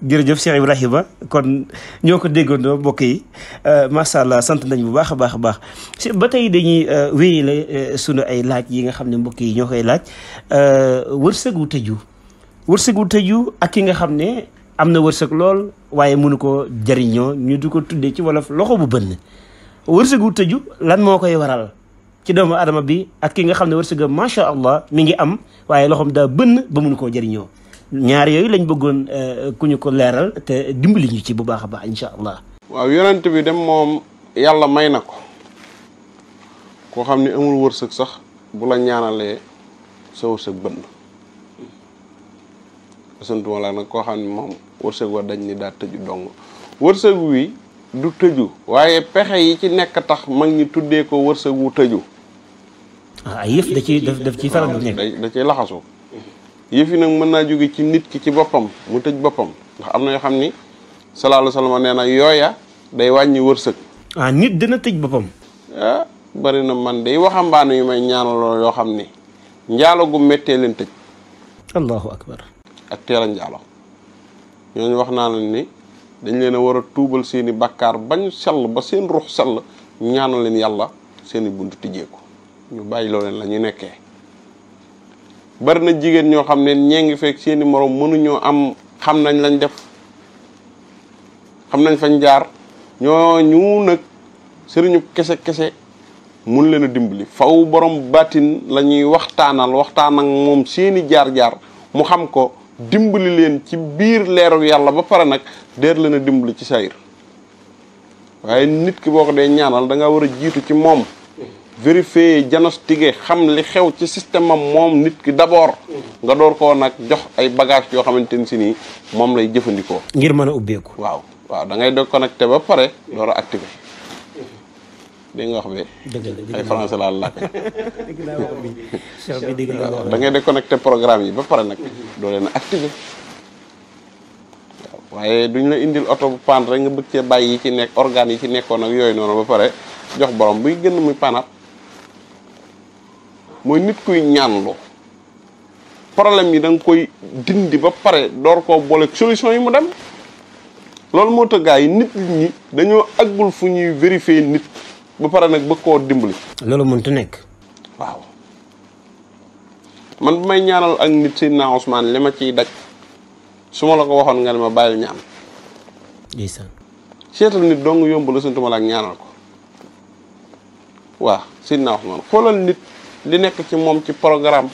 jërëjëf Cheikh Ibrahima kon ñoo ko déggandoo mbokk yi euh, macha allah sant nañ bu baax a baax a baax ba tey dañuy euh, wéyale euh, sunu ay laaj yi nga xam ne mbokk yi ñoo koy laaj wërsëgu tëju wërsëgu tëju ak ki nga xam ne am na wërsëg lool waaye mënu ko jëriñoo ñu du ko tuddee ci wolof loxo bu bënn wërsëgu tëju lan moo koy waral ci doomu adama bi ak ki nga xam ne wërsëgam macha allah mu ngi am waaye loxoom daa bënn ba mun koo jëriñoo ñaar yooyu lañ bëggoon euh, ku ñu ko leeral te dimbali ñu ci bu baax a baax incha allah. waaw yonent bi dem moom yàlla may na ko koo xam ne amul wërsëg sax bu la ñaanalee sa wërsëg bënn sant wala koo xam ne moom wërsëg wa dañ ni daa tëju dong wërsëg wi. du tëju waaye pexe yi ci nekk tax mag ñi tuddee ko wërsëg wu tëju. ah ay yëf da ciy daf ciy faral di da ciy laxasu. yëf nag mën naa jóge ci nit ki ci boppam mu tëj boppam ndax am na yoo xam ni salaalu salama nee na yooya day wàññi wërsëg. Ah, nit dina tëj boppam. ah bari na man day waxambaane yu may ñaanaloo yoo xam ni njaalo gu méttee leen tëj. allahu akbar. ak teel njaalo ñooñu wax naa la ni. dañ leen a war a tuubal seeni bàkkaar bakkaar bañ sell ba seen ruux sell ñaanal leen yàlla seeni bunt tijjeeku ñu bàyyi loo leen la nekkee bari na jigéen ñoo xam ne ñee ngi fekk seeni moroom mënuñoo am xam nañ lañ def xam nañ fañ jaar ñoo ñu nag sëriñu kese kese mun leen a dimbali faw borom baatin lañuy ñuy waxtaanal waxtaan ak moom seeni jaar-jaar mu xam ko dimbali leen ci biir leeru yàlla ba pare nag deer leen a dimbali ci sayir waaye nit ki boo ko dee ñaanal da nga war a jiitu ci moom vérifier diagnostiquer xam li xew ci système am moom nit ki d'abord nga door koo nag jox ay bagage yoo xamante ni si nii moom lay jëfandikoo ngir mën a ubbeeku waaw waaw da doog connecté ba pare door a activé dégg nga wax bi. ay français laa làkk. dëgg laa wax bi cheikh programme yi ba pare nag doo leen activé. waaye duñ la indil oto bu paan rek nga bëgg cee bàyyi yi ci nekk organes yi ci nekkoon ak yooyu noonu ba pare jox borom buy gën muy panat mooy nit kuy ñaanlu problème yi da koy dindi ba pare door koo boole solution yi mu dem loolu moo tax nit ñi dañoo àggul fu ñuy vérifier nit ba pare nag bëgg koo dimbuli loolu mënut a nekk. waaw man bu may ñaanal ak nit Seydina Ousmane li ma ciy daj su ma la ko waxoon nga ne ma bàyyil ñaan. seetal nit dong yomb la santuma la ak ñaanal ko waaw Seydina Ousmane xoolal nit li nekk ci moom ci programme.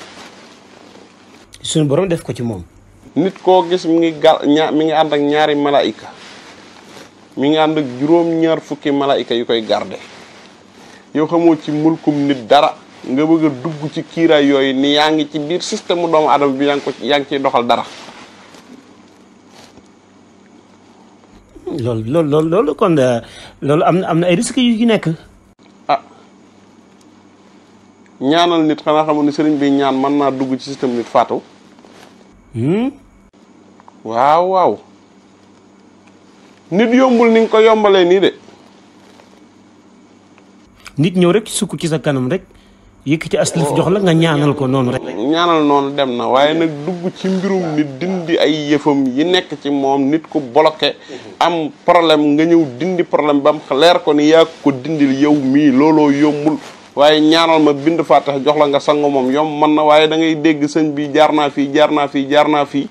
suñu borom def ko ci moom. nit koo gis mi ngi gal ña mi ngi ànd ak ñaari malaayika mi ngi ànd ak juróom-ñaar fukki malaayika yu koy garde yow xamoo ci mulkum nit dara nga bëgg dugg ci kiiraay yooyu ni yaa ngi ci biir système doomu adama bi yaa ngi ko yaa ngi ciy doxal dara. lool loolu loolu loolu euh, loolu am na am na ay risques yu ci nekk. ah ñaanal nit xanaa xamul ni sëriñ bi ñaan mën naa dugg ci système nit faatu. Hmm? waaw waaw. nit yombul ni nga ko yombalee nii de. nit ñëw rek sukk ci sa kanam rek yëkkati ci lif oh. jox la nga ñaanal ko noonu rek. ñaanal noonu dem na waaye nag dugg ci mbirum nit dindi ay yëfam yi nekk ci moom nit ku bloqué. am problème nga ñëw dindi problème bam mu leer ko ni yaa ko dindil yow mii looloo yombul. waaye ñaanal ma bind faatax jox la nga sangu moom yom man na waaye da ngay dégg sëñ bi jaar naa fi jaar naa fii jaar naa fii.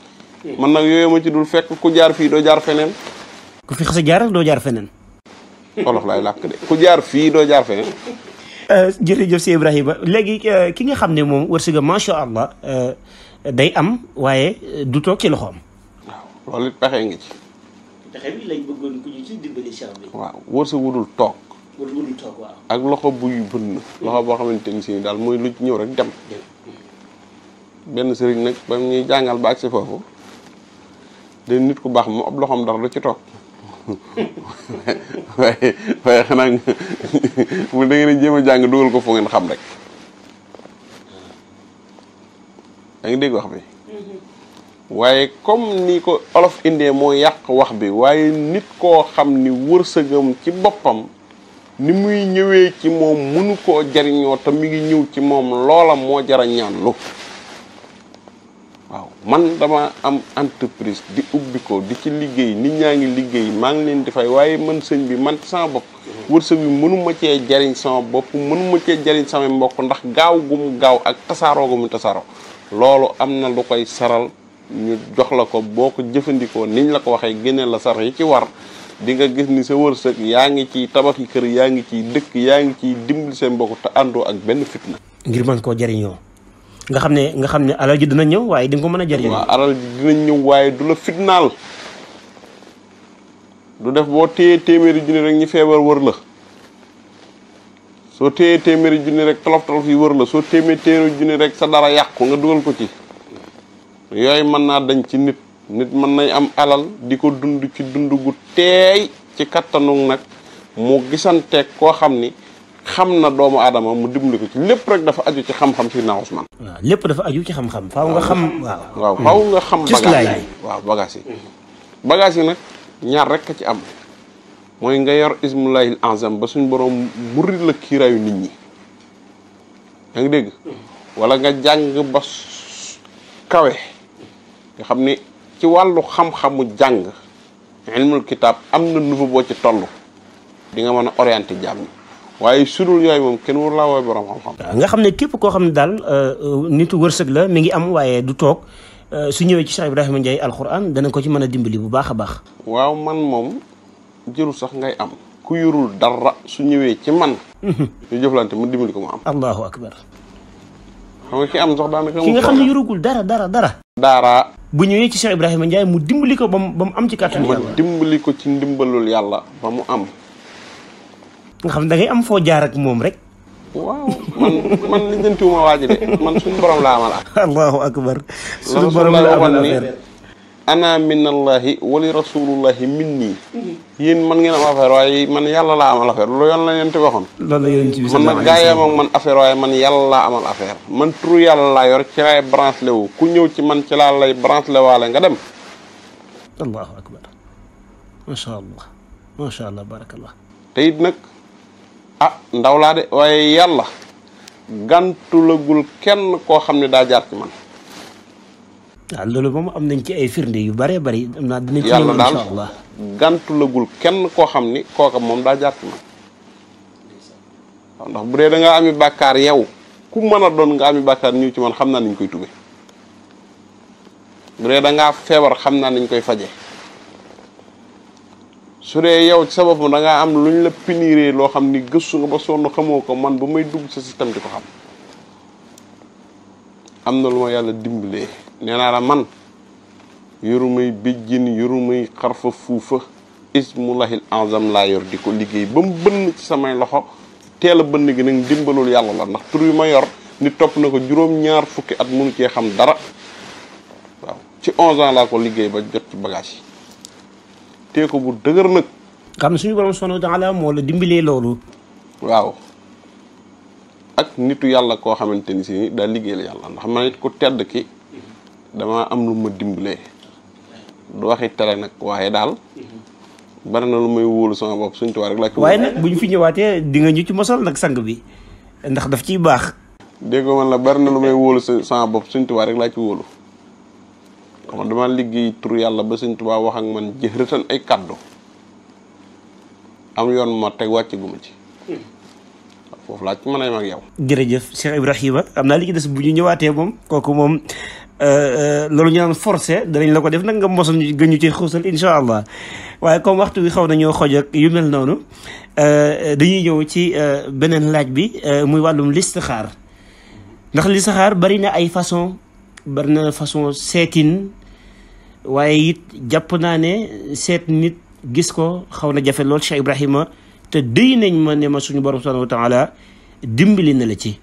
man nag yooyu ma ci dul fekk ku jaar fii doo jaar feneen. ku fi xas a jaar doo jaar feneen. olof laay làkk de ku jaar fii doo jaar fee euh, jërëjëf si Ibrahima léegi euh, ki nga xam ne moom wërsëga macha allah euh, day am waaye du toog ci loxoom. waaw loolu it pexe ngi ci. bi lañ bëggoon ku waaw wërsëg wudul toog. wudul toog waaw. ak loxo buy loxo boo xamante ni si daal muy lu ñëw rek dem. benn sëriñ nag ba ñuy jàngal ba si foofu de nit ku baax moom ab loxoom dara du ci toog. [laughs] waaye waaye xanaa mu [laughs] da ngeen jéem jàng dugal ko foo ngeen xam rek da dégg wax bi waaye comme ni ko olof indee moo yàq wax bi waaye nit koo xam ni wërsëgam ci boppam ni muy ñëwee ci moom mënu koo jariñoo te mi ngi ñëw ci moom loola moo jarañaan ñaan lu waaw man dama am entreprise di ubbi ko di ci liggéey nit ñaa ngi liggéey maa ngi leen di waaye man sëñ bi man sama bopp wërsëg bi mënuma cee jariñ sama bopp mënuma cee jariñ sama mbokk ndax gaaw gu mu gaaw ak tasaaroo gu mu tasaaroo loolu am na lu koy saral ñu jox la ko boo ko jëfandikoo niñ la ko waxee génne la sar yi ci war di nga gis ni sa wërsëg yaa ngi ciy tabaxi kër yaa ngi ciy dëkk yaa ngi ciy dimbali seen mbokk te àndoo ak benn fitna. ngir mën koo jariñoo nga xam ne nga xam ne alal ji dina ñëw waaye di ko mën a jëriñoo. waaw alal ji dina ñëw waaye du la fitnaal du def boo téyee téeméeri junni rek ñu feebar wër la soo téyee téeméeri junni rek tolof yi wër la soo téemee junni rek sa dara yàqu nga dugal ko ci yooyu mën naa dañ ci nit nit mën nañ am alal di ko dund ci dund gu teey ci kattanu nag mu gisanteeg koo xam ni. xam na doomu aadama mu dimbali ko ci lépp rek dafa aju ci xam-xam si naa Ousmane. waaw lépp dafa aju ci xam-xam. faaw nga xam waaw. waaw faaw nga xam. Hmm. bagage yi waaw bagage yi. bagage yi nag ñaar rek a ci am mooy nga yor ismulaahil azam ba suñu borom muri la kiiraayu nit ñi yaa ngi dégg. wala nga jàng ba kawe nga xam ni ci wàllu xam-xamu jàng ilmul kitaab am na niveau boo ci toll di nga mën a orienté jàmm. waaye sudul yooyu moom kenn war laa wooy borom xam-xam nga xam ne képp koo xam ne daal euh, euh, nitu wërsëg la mi ngi am waaye du toog euh, su ñëwee ci Cheikh Ibrahima Ndiaye alxuraan dana ko ci mën a dimbali bu baax baax waaw man moom jëru sax ngay am ku yorul dara su ñëwee ci man mhm. ñu jëflante ma dimbali ko mu am allahu akbar xam nga ki am sax daanaka ki nga xam ne yorugul dara dara dara daaraa bu ñëwee ci Cheikh Ibrahima Ndiaye mu dimbali ko ba mu am ci kàttan yàlla ma dimbali ko ci ndimbalul yàlla mu am nga xam da ngay am foo jaar ak moom rek. waaw man man li jëntu ma waaj de man suñu borom laa amal affaire. allahu min suñu borom laa amal affaire ana minallahi wali rasulullahi minni. Mhm. yéen man ngeen am affaire waaye man yàlla laa amal affaire loolu yoon la waxoon. loolu la yonent bi man nag gaayam ak man affaire waaye man yàlla laa amal affaire. man turu yàlla laa yor ci laay branché wu ku ñëw ci man ci laa lay branché waale nga dem. allahu akbar macha allah macha allah barakallah. te ah ndaw laa de waaye yàlla gàntulagul kenn koo xam ne daa jaar ci man. waaw ah, am nañ ci ay firnde yu bëree bëri. am naa dina ci yàlla daal gàntulagul kenn koo xam ni kooka moom daa jaar ci man. bu dee da ngaa ami bàkkaar yow ku mën a doon nga ami bàkkaar ñëw ci man xam naa niñ koy tube bu dee da feebar xam naa niñ koy faje su dee yow ci sa boppam am lu ñu la piniree loo xam ni gëstu nga ba sonn xamoo ko man ba may dugg sa système di ko xam am na lu ma yàlla dimbalee nee naa la man yorumay bijjin yorumay xarfa fuufa ismulahil azam laa yor di ko liggéey ba mu bënn samay loxo teel a bënn gi nag dimbalul yàlla la ndax tur yu ma yor ni topp na ko juróom-ñaar fukki at mënu cee xam dara waaw ci onze ans laa ko liggéey ba jot ci bagage yi téye ko bu dëgër nag. xam ne suñu borom subhaanahu wa taala moo la nitu yàlla koo xamante ni si daa liggéeyal yàlla ndax man it ku tedd ki damaa am lu ma dimbalee du waxi tele nag waaye daal. bari na lu may wóolu sama bopp suñu tubaab rek waaye bu ñu fi ñëwaatee di nga ñu ci nag sang bi ndax daf ciy baax. dégg man la bari na lu may wóolu sama bopp suñu tubaab rek laa ci wóolu. man dama liggéey tur yàlla ba sëñ Tuubaa wax ak man jëhrëtan ay kàddu am yoon ma teg wàcc gu ma ci foofu laa ci mën a yem ak yow. jërëjëf Ibrahima am naa li ci des bu ñu ñëwaatee moom kooku moom euh, euh, loolu ñu naan forcé danañ la ko def nag nga mosal ñu gën ñu ci xuusal incha allah waaye comme waxtu wi xaw nañoo xoj ak yu mel noonu euh, dañuy ñëw ci beneen laaj bi muy wàllum listixaar ndax listixaar bari na ay façon bari façon seetin. waaye it jàpp naa ne seet nit gis ko xaw na jafe lool Cheikh Ibrahima te déy nañ ma ne ma suñu borom subhanahu wa dimbali na la ci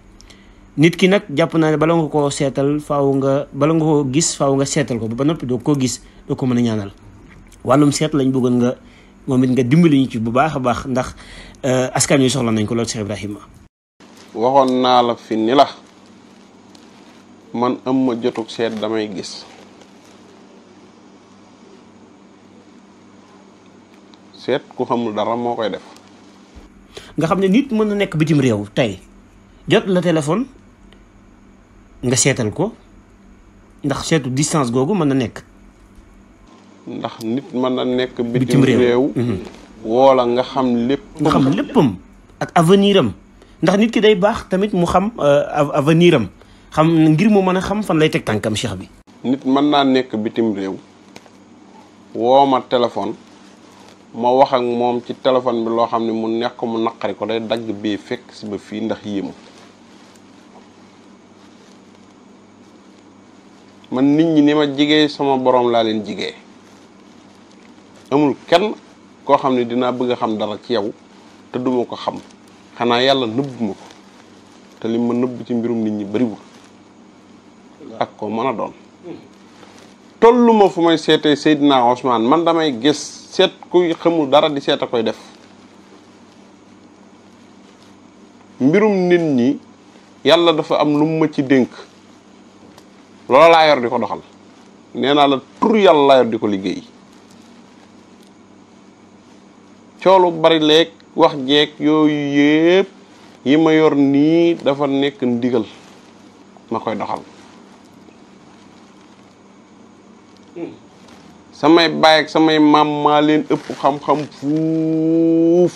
nit ki nag jàpp naa ne bala nga koo seetal faaw nga bala nga gis faaw nga seetal ko ba noppi doo koo gis ko mën a ñaanal wàllum seet lañ bëggoon nga moom it nga dimbali ci bu baax a baax ndax euh, askan wi soxla nañ ko lool Cheikh Ibrahima. waxoon naa la fi ni la man am ma jotug seet damay gis. seet ku xamul dara moo koy def. nga xam ne nit mën na nekk bitim réew tey jot la téléphone nga seetal ko ndax seetu distance googu mën na nekk. ndax nit mën na nekk bitim réew. Mhm. woola nga xam lépp. nga xam léppam ak avenir am ndax nit ki day baax tamit mu xam euh, avenir xam ngir mu mën a xam fan lay teg tànkam cheikh bi. mën naa nekk bitim réew woo téléphone. ma wax ak moom ci téléphone bi loo xam ne mu neex ko mu naqari ko day dagg bee fekk si ba fii ndax yéemu man nit ñi ni ma jigee sama boroom laa leen jigee amul kenn koo xam ne dinaa bëgg a xam dara ci yow te duma ko xam xanaa yàlla nëbb ma ko te li ma nëbb ci mbirum nit ñi bariwul ak koo mën a doon hmm. tollu fu may seetee Seydina Ousmane man damay gis seet kuy xamul dara di seet a koy def mbirum nit ñi yàlla dafa am lu mu ma ci dénk loola laa yor di ko doxal nee naa la tur yàlla laa yor di ko liggéey coolu bari leeg wax jeeg yooyu yépp yi ma yor nii dafa nekk ndigal ma koy doxal samay baay samay maam maa ëpp xam-xam fuuf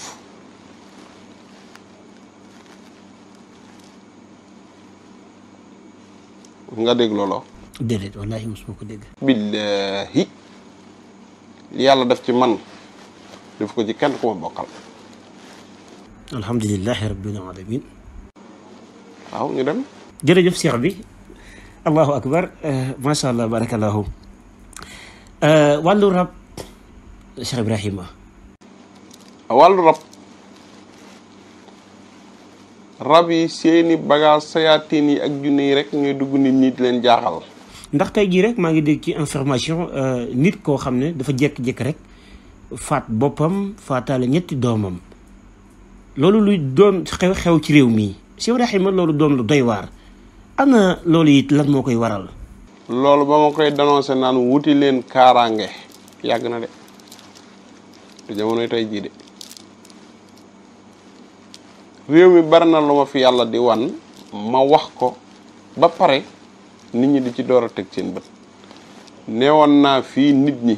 nga dégg looloo déedéet wallaahi mosuma ko dégg billaahi yàlla daf ci man daf ko ci kenn ku ma bokkal alhamdulilahi rabbil alamin waaw ñu dem jërëjëf seex bi allahu akbar eh, macha allah barakallahu Eh, wàllu rab Cheikh Ibrahima wàllu rab rab yi seeni bagage sayaatin ak junne yi rek ñooy dugg nit ñi di leen jaaxal ndax tey jii rek maa ngi dégg ci information eh, nit koo xam ne dafa jékki-jékki rek faat boppam faataale ñetti doomam loolu luy doon xew-xew ci réew mi Cheikh Ibrahima loolu doon lu doy waar ana loolu it lan moo koy waral loolu ba ma koy dénoncé naan wuti leen kaaraange yàgg na de te jamonoy tey jii de réew mi bari na lu ma fi yàlla di wan ma wax ko ba pare nit ñi di ci door a teg seen bët neewoon naa fii nit ñi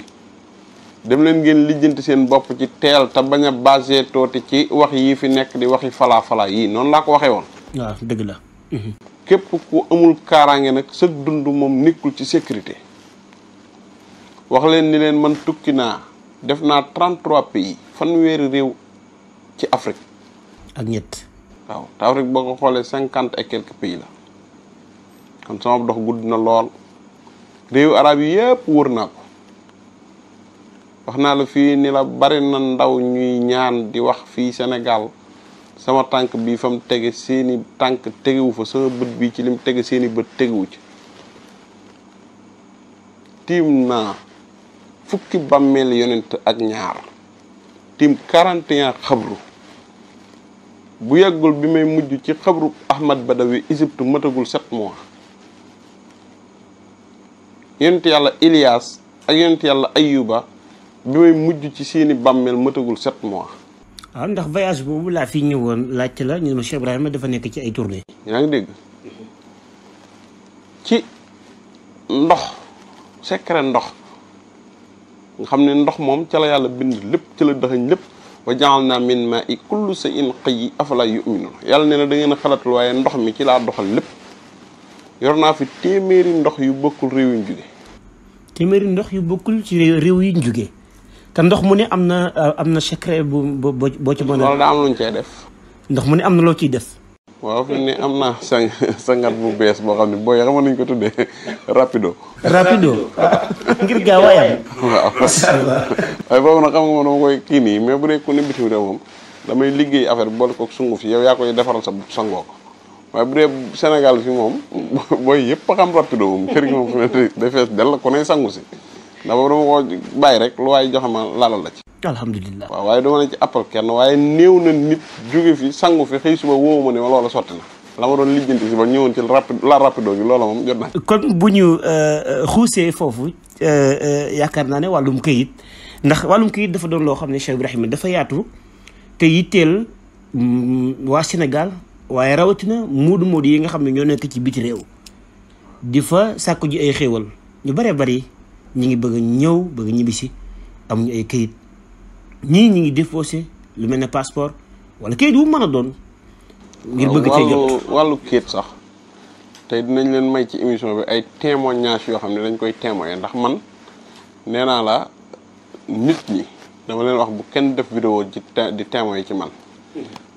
dem leen ngeen lijjanti seen bopp ci teel te bañ a tooti ci wax yii fi nekk di waxi falaa falaa yii noonu laa ko waxee woon. képp ku amul kaaraange nag sëg dund moom nekkul ci sécurité wax leen ni leen man tukki naa def naa 33 pays weeri réew ci Afrique. ak ñett. waaw te Afrique boo ko xoolee cinquante et quelques pays la kon sama dox gudd na lool réewu arab yépp wër naa ko wax naa la fii ni la bari na ndaw ñuy ñaan di wax fii Sénégal. sama tànk bi fam tege seeni tànk tegewu fa sama bët bi ci lim tege seeni bët tegewu ci tiim naa fukki bàmmeel yonent ak ñaar tiim 41 xabru bu yàggul bi may mujj ci xabru Ahmad Badawi Égypte matagul sept mois yonent yàlla Ilias ak yonent yàlla Ayuba bi may mujj ci seeni bàmmeel matagul sept mois waaw ndax voyage boobu laa fi ñëwoon laajte la ñu ma Cheikh Ibrahima dafa nekk ci ay tournée. ñaa ngi dégg ci ndox secret ndox nga xam ne ndox moom ca la yàlla bind lépp ca la dëxañ lépp wa jaal naa min ma yàlla nee na da waaye ndox mi ci laa doxal lépp yor naa fi téeméeri ndox yu bokkul réew yuñ jóge téeméeri ndox yu bokkul ci réew yuñ jóge te ndox mu ne am na euh, am na secret bu boo ci mën a. loolu daa am def. ndox mu ne am na loo ciy def. waaw fi ne am naa sang sangat bu bees boo xam ne booy xamoon nañu ko tuddee [laughs] rapido. rapido ngir gaaw a yam. waaw macha allah. boobu nag xam nga moom dama koy kii nii mais bu dee ku ne bitim réew moom damay liggéey affaire boole koog sunguf yow yaa koy defaral sa sangoo ko waaye bu dee Sénégal fi moom booy yëpp xam rapido moom kër gi moom fi fees dell ko sangu si. ndax boobu dama ko bàyyi rek lu waaye joxe ma laalal la ci alhamdulilah waaw waaye dama ne ci appal kenn waaye néew na nit jóge fi sangu fi xëy suba woowu ma ne ma loola sotti na la ma doon lijjanti si ba ñëwoon ci rapide la rapido gi loola moom jot na kon bu ñu euh, euh, xuusee foofu euh, yaakaar naa ne wàllum këyit ndax wàllum këyit dafa doon loo xam ne Cheikh Ibrahima dafa yaatu te yitteel mm, waa Sénégal waaye rawatina muudu muudu yi nga xam ne ñoo nekk ci biti réew di fa sàkku ji ay xéewal ñu bare bari ñi ngi bëgg ñëw bëgg ñibbisi amuñu ay këyit ñii ñu ngi défaussé lu mel ne passeport wala këyit wu mën a doon. ngir bëgg cee jot wàllu këyit sax tey dinañ leen may ci émission bi ay ñaas yoo xam ne dañ koy témoigner ndax man nee naa la nit ñi dama leen wax bu kenn def vidéo ci di témoigner ci man.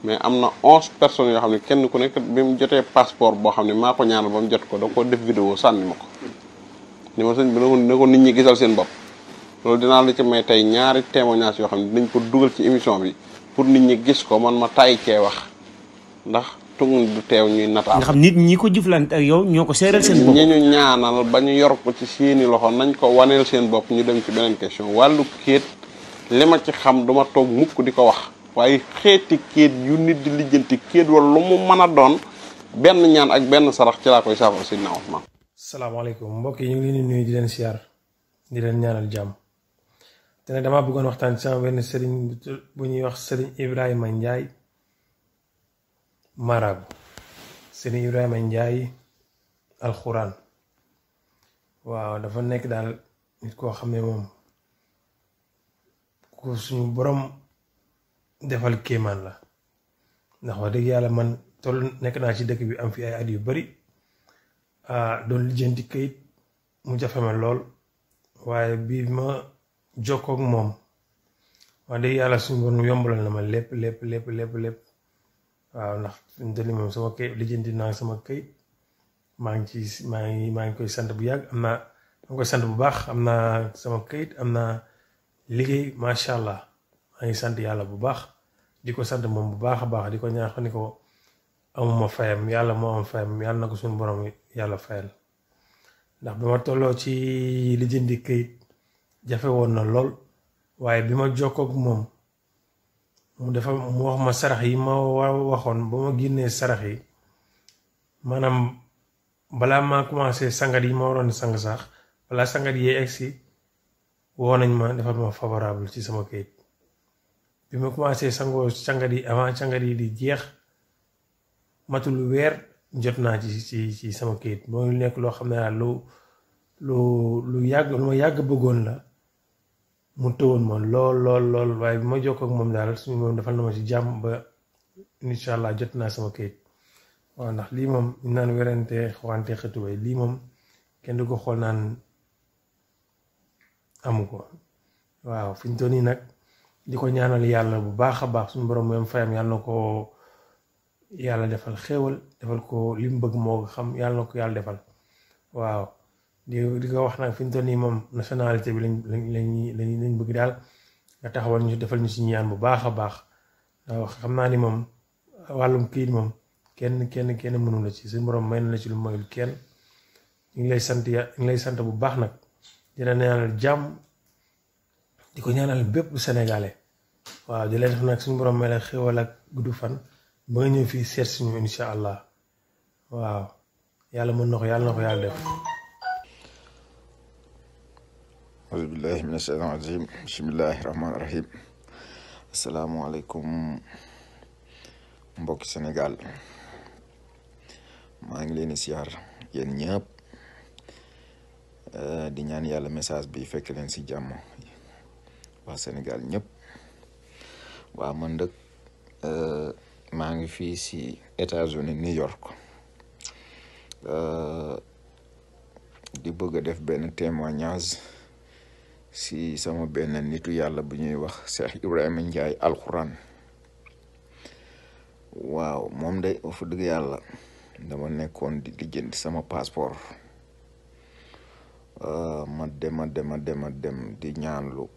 mais am na onze personnes yoo xam ne kenn ku nekk bi mu jotee passeport boo xam ne maa ko ñaanal ba mu jot ko da ko def vidéo sànni ma ko. ni ma sëñ bi ne ko nit ñi gisal seen bopp loolu dinaa la ci may tey ñaari témoignage yoo xam ne dinañ ko dugal ci émission bi pour nit ñi gis ko man ma tay cee wax ndax tugul du teew ñuy nataal. nga xam nit ñi ko jëflante ak yow ñoo ko seeral seen bopp. ñi ñu ba ñu yor ko ci seeni loxo nañ ko waneel seen bopp ñu dem ci beneen question wàllu kéet li ma ci xam duma toog mukk di ko wax waaye xeeti kéet yu nit di lijjanti kéet wala lu mu mën a doon benn ñaan ak benn sarax ci laa koy saafara si naaw salaamaaleykum mbokk yi ñu ngi leen nuyu di leen siyaar di leen ñaanal jàmm te ne damaa bëggoon waxtaan ci sama benn sëriñ bu ñuy wax sëriñ Ibrahima Ndiaye marabu sëriñ Ibrahima njaay alxuraan waaw dafa nekk daal nit koo xam ne moom ku suñu borom defal kéemaan la ndax wax dëgg yàlla man toll nekk naa ci dëkk bi am fi ay at yu bari Ah, doon lijjanti këyit mu jafe ma lool waaye bii ma jokkook moom wax dëgg yàlla suñu borom yombalal na ma lépp lépp lépp lépp lépp waaw ndax suñu tëli moom sama këyit lijjanti naa sama këyit maa ngi ci maa ngi maa ngi koy sant bu yàgg am naa dama koy sant bu baax am naa sama këyit am naa liggéey macha allah maa ngi sant yàlla bu baax di ko sant moom bu baax baax di ko ñaax ni ko amuma fayam yàlla moo am fayam yàlla na ko suñu borom yi yàlla fayal ndax bi ma tolloo ci li jëndi këyit jafe woon na lool waaye bi ma jokkook moom mu dafa mu wax ma sarax yi ma waxoon ba ma génnee sarax yi maanaam balaa maa commencé sangar yi ma waroon sang sax balaa sangat yee egsi woo nañ ma dafa ma favorable ci sama këyit bi ma commencé sangoo sangat yi avant sangat yi di jeex matul weer jot naa ci ci ci sama kayit mooy nekk loo xam ne daal lu lu lu yàgg lu ma yàgg bëggoon la mu tëwoon ma lool lool lool waaye bi ma jox ko moom daal suñu moom defal na ma si jàmm ba incha allah jot naa sama kayit waaw ndax lii moom ñu naan werante xawante xëtuway lii moom kenn du ko xool naan amu ko waaw fi ñu toll nii nag di ko ñaanal yàlla bu baax a baax suñu borom moom fayam yàlla ko yàlla defal xéewal defal ko li mu bëgg moo xam yàlla na ko yàlla defal waaw di di wax nag fi nii moom nationalité bi lañ lañ lañ bëgg daal nga taxawal ñu defal ñu si ñaan bu baax a baax xam naa ni moom wàllum kii moom kenn kenn kenn mënu la ci suñu borom may na la ci lu mayul kenn ñu ngi lay sant ya ñu lay sant bu baax nag dina ñaanal jàmm di ko ñaanal bépp sénégalais waaw di lay def nag suñu borom may la xéewal ak gudd fan. ba nga ñëw fii si ñu incha allah waaw yàlla mën na ko yàlla na ko yàlla def. auzu billahi mina shaytaani rajim bismillahi rahmaani rahim asalaamualeykum mbokki Sénégal maa ngi leen di siyaar yéen ñëpp eh, di ñaan yàlla message bi fekk leen si jàmm waa Sénégal ñëpp waa man dëkk. Eh, maa ngi fii si États-Unis New York euh, di bëgg a def benn témoignage si sama benn nitu yàlla bu ñuy wax Cheikh Ibrahima Ndiaye alxuraan waaw moom day fa dëgg yàlla dama nekkoon di lijjanti sama passeport euh, ma dema dema dema dem di ñaanlu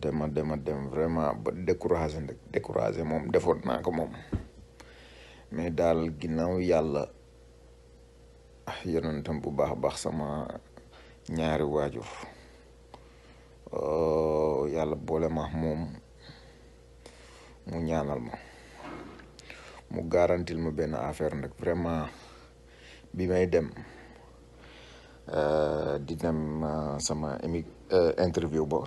dema dema dem vraiment ba découragé nag découragé moom defoon naa ko moom mais daal ginnaaw yàlla ah, yonentam bu baax baax sama ñaari waajur oh, yàlla boole ma moom mu ñaanal ma mu garantil ma benn affaire nag vraiment bi may dem euh, di dem euh, sama émi euh, interview ba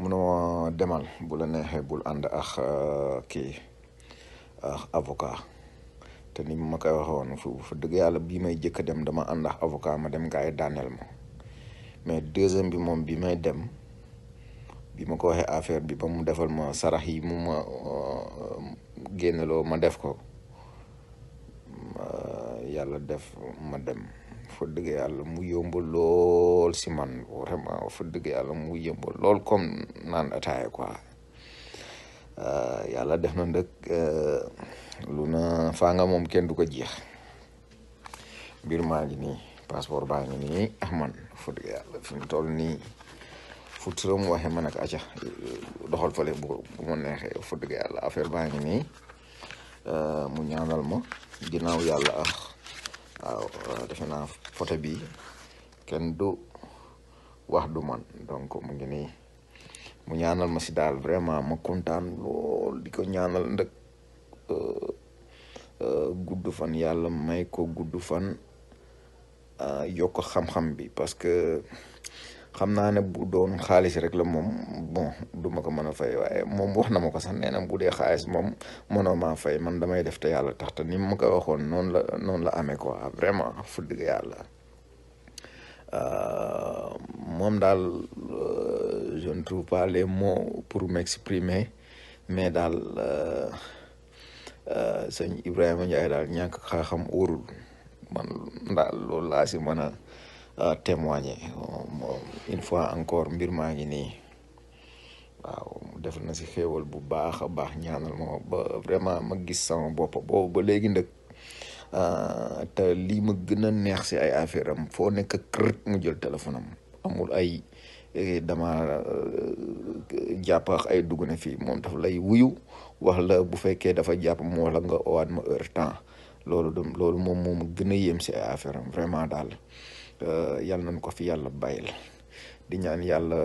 munoo demal bu la neexee bul ànd ak euh, kii ak euh, avocat te ni ma koy waxee woon dëgg yàlla bi may jëkk a dem dama ànd ak avocat ma dem gars yi daaneel ma mais deuxième bi moom bi may dem bi ma ko waxee affaire bi ba mu defal ma sarax yi mu ma euh, génneloo ma def ko yàlla def ma dem. fa dëgg yàlla mu yomb lool si man vraiment fa dëgg yàlla mu yomb lool comme naan ataaya quoi euh, yàlla def na nag euh, lu na faa moom kenn du ko jeex mbir maa ngi nii passeport baa ngi nii ah man fa yàlla fi mu toll nii fu turam waxee doxal fale bu bu ma neexee fa dëgg yàlla affaire baa ngi nii euh, mu ñaanal ma ginnaaw yàlla ah, waaw euh, defe naa photo bi kenn du wax du man donc mu ngi mu ñaanal ma si daal vraiment ma kontaan lool di ko ñaanal ndëk euh, euh, gudd fan yàlla may ko gudd fan yokk xam-xam bi parce que xam naa ne bu doon xaalis rek la moom bon du ma ko mën a fay waaye moom wax na ma ko sax nee na bu dee xaalis moom mënoo maa fay man damay def te yàlla tax te ni ma ko waxoon noonu la noonu la amee quoi vraiment fu dëgg euh, moom daal euh, je ne trouve pas les mots pour m'exprimer mais daal euh, sëñ Ibrahima Ndiaye daal ñàkk xaaxam wóorul man daal loolu laa si mën a Euh, témoigner euh, une fois encore mbir maa ngi nii waaw def na si xéewal bu baax a baax ñaanal ma ba vraiment ma gis sama bopp boobu ba léegi ndëg euh, te lii ma gën a neex si ay affaire am foo nekk kër mu jël téléphone am amul ay eh, dama jàpp ay dugg na fii moom daf lay wuyu wax la bu fekkee dafa jàpp mu wax la nga ma heure temps loolu de loolu moom moom gën a yéem si ay affaire am vraiment daal Euh, yàlla nañ ko fi yàlla bàyyil di ñaan yàlla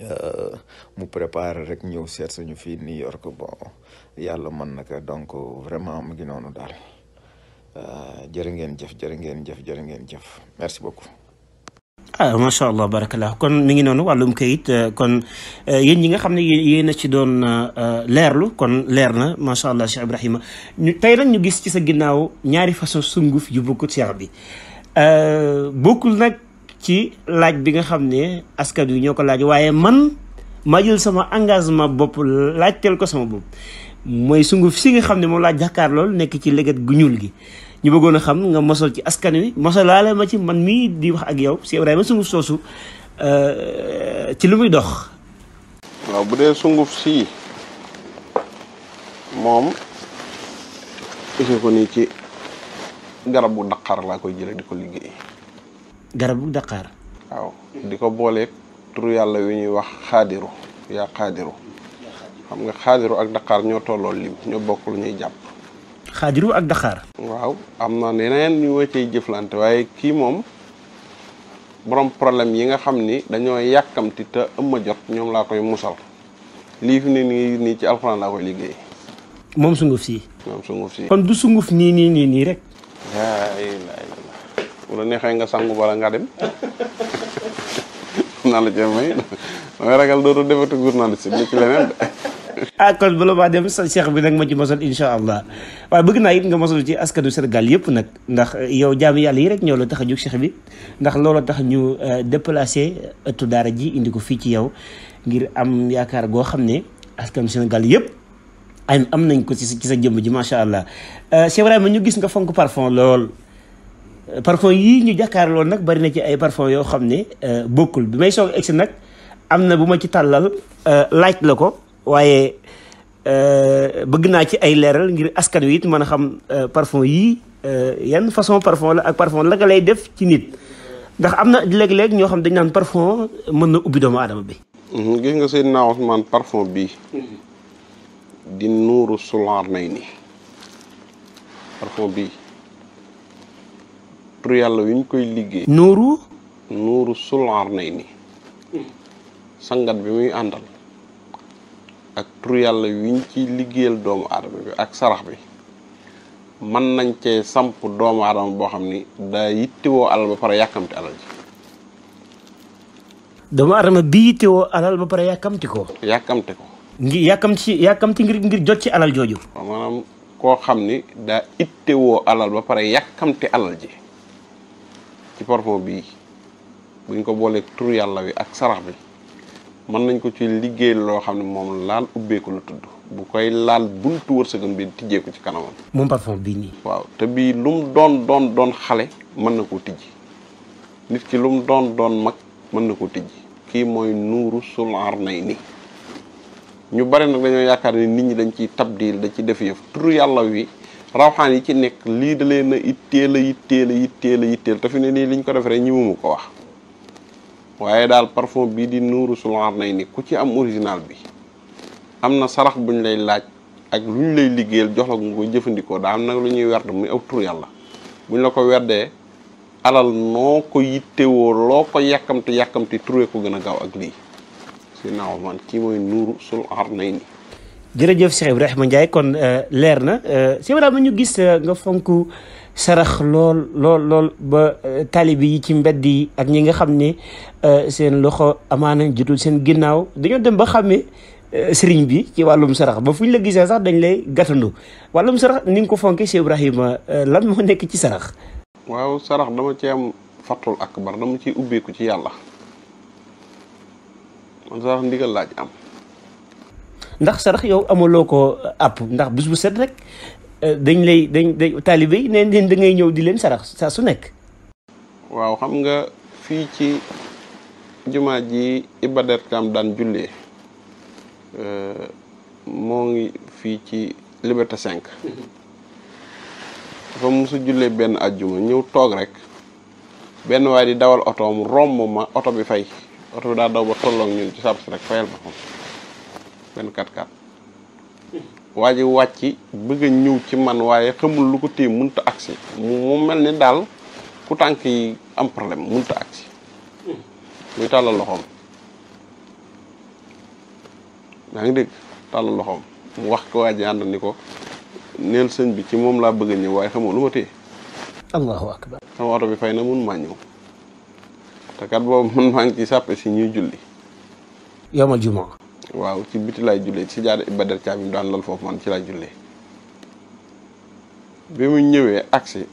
euh, mu préparer rek ñëw seet suñu fii New York bon yàlla mën naka donc vraiment mu ngi noonu daal euh, jërë ngeen jëf jërë ngeen jëf jërë ngeen jëf merci beaucoup ah macha allah barakallah kon mu ngi noonu wàllum kayit kon yéen ñi nga xam ne yéen a ci doon leerlu kon leer na macha allah Cheikh Ibrahima ñu tey nag ñu gis ci sa ginnaaw ñaari façon sunguf yu bokkut Cheikh bi Euh, bokkul nag ci laaj bi nga xam ne askan wi ñoo ko laaj waaye man ma jël sama engagement bopp laajteel ko sama bopp mooy sunguf si nga xam ne moom laa jàkkaar lool nekk ci leget gu ñuul gi ñu bëggoon a xam nga mosal ci askan wi mosalaale ma ci man mii di wax ak yow si Ibrahima sunguf soosu euh, ci lu muy dox waaw bu dee sunguf sii moom isi ko nii ci garabu daqaar laa koy jëlee di ko liggéey. garabu daqaar. waaw di ko booleek turu yàlla wi ñuy wax xaadiru yaa xaadiru xam nga xaadiru ak daqaar ñoo tolloo lim ñoo bokk lu ñuy jàpp. xaadiru ak daqaar. waaw am na yeneen ñu wëccee jëflante waaye kii moom borom problème yi nga xam ni dañoo yàkkamti te ëmma jot ñoom laa koy musal lii fi ne nii nii ci alxuraan laa koy liggéey. moom sunguf si. moom sunguf si. kon du sunguf nii nii nii rek. bu la neexee nga sangu bala nga dem [laughs] naa la cee may damay ragal dootu defatu journaliste bi ci leneen de. [laughs] ah kon bu la maa dem sa cheikh bi nag ma ci mosal incha allah waaye bëgg naa it nga mosal ci askanu Sénégal yëpp nag ndax yow jaamu yàlla yi rek ñoo la tax a jóg cheikh bi ndax loola tax ñu euh, déplacé ëttu daara ji indi ko fii ci yow ngir am yaakaar goo xam ne askanu Sénégal yëpp. am am nañ ko ci sa jëmm ji macha allah euh, Cheikh ma ñu gis nga fonk parfum lool euh, parfum yii ñu jàkkaarloo nag bari na ci ay parfum yoo xam ne euh, bokkul bi may soog egsi nag am na bu ma ci tàllal laaj la ko waaye bëgg naa ci ay leeral ngir askan wi mën a xam parfum yii yan façon parfum la ak parfum la lay def ci nit ndax am na léeg ñoo xam dañ naan parfum mën na ubbi bi. Mhm, bii. Mhm. di nuuru sulaar nay ni parfum bi tur yàlla koy liggéey nuuru nuuru sulaar nay ni sangat bi muy àndal ak tur yàlla wi ñu ciy liggéeyal doomu aadama bi ak sarax bi mën nañ cee samp doomu aadama boo xam ni daa yittewoo alal ba pare yàkkamti alal ji doomu aadama bi yittewoo alal ba pare yàkkamti ko yàkkamti ko ngi yàkkamti yàkkamti ngir ngir jot ci alal jooju. maanaam koo xam ni daa ittewoo alal ba pare yàkkamti alal ji ci parfum bii buñ ko booleeg tur yàlla wi ak sarax bi mën nañ ko ci liggéey loo xam ne moom laal ubbeeku lu tudd bu koy laal buntu wërsëgam bi tijjeeku ci kanamam. moom parfum bii waaw te bii lu doon doon doon xale mën na koo tijji nit ki lu doon doon mag mën na koo tijji. kii mooy nuuru sul arnayni ñu bari nag dañoo yaakaar ni nit ñi dañu ciy tabdil da ci def yëf turu yàlla wi rawxaan yi ci nekk lii da leen a itteel a itteel a itteel a itteel te fi ne nii liñ ko def rek mu ko wax waaye daal parfum bii di nuuru sular nay ni ku ci am original bi am na sarax buñ lay laaj ak lu ñu lay liggéeyal jox la nga ko jëfandikoo daal am nag lu ñuy werd muy aw tur yàlla buñ la ko werdee alal noo ko yittewoo loo ko yàkkamti yàkkamti turee ko gën a gaaw ak lii ginnaaw man kii mooy nuuru sul arnayni jërëjëf Cheikh Ibrahima Ndiaye kon euh, leer na euh, Cheikh Ibrahima ñu gis euh, nga fonk sarax lool lool lool ba taalibe yi ci mbedd yi ak ñi nga xam ne seen loxo amaana jotul seen ginnaaw dañoo dem ba xàmmee sëriñ bi ci wàllum sarax ba fu ñu la gisee sax dañ lay gàttandu wàllum sarax ni nga ko fonkee Cheikh Ibrahima lan moo nekk ci sarax. waaw sarax dama ci am fattul akbar dama ciy ubbeeku ci yàlla. man sax ndigal laaj am. ndax sarax yow amaloo ko àpp ndax bis bu set rek euh, dañ lay dañ dañ taalibe yi neen leen ngay ñëw di leen sarax sa su nekk. waaw xam nga fii ci jumaa ji Iba Der Thiam daan jullee euh, moo ngi fii ci Liberté cinq dafa mosu jullee benn ajjuma ñëw toog rek benn waay di dawal otoom romb ma oto bi fay. oto bi daa daw ba tolloog ñun ci sàpp si rek fayal boppam benn kat kat waa ji bëgg a ñëw ci man waaye xamul lu ko téye mënta agsi mu mel ni daal ku tànk yi am problème mënta agsi muy tàllal loxoom yaa ngi dégg tàllal loxoom mu wax ko waa ji ànd ni ko neel sëñ bi ci moom laa bëgg a ñëw waaye xamul lu ma téye allahu akbar sama oto bi fay na mun maa ñëw te kat boobu man maa ngi ci sàppe si ñuy julli. yawmal jumaa. waaw ci biti laay jullee ci jaada Ibadan Thiam yi daan lal foofu man ci laay bi mu ñëwee agsi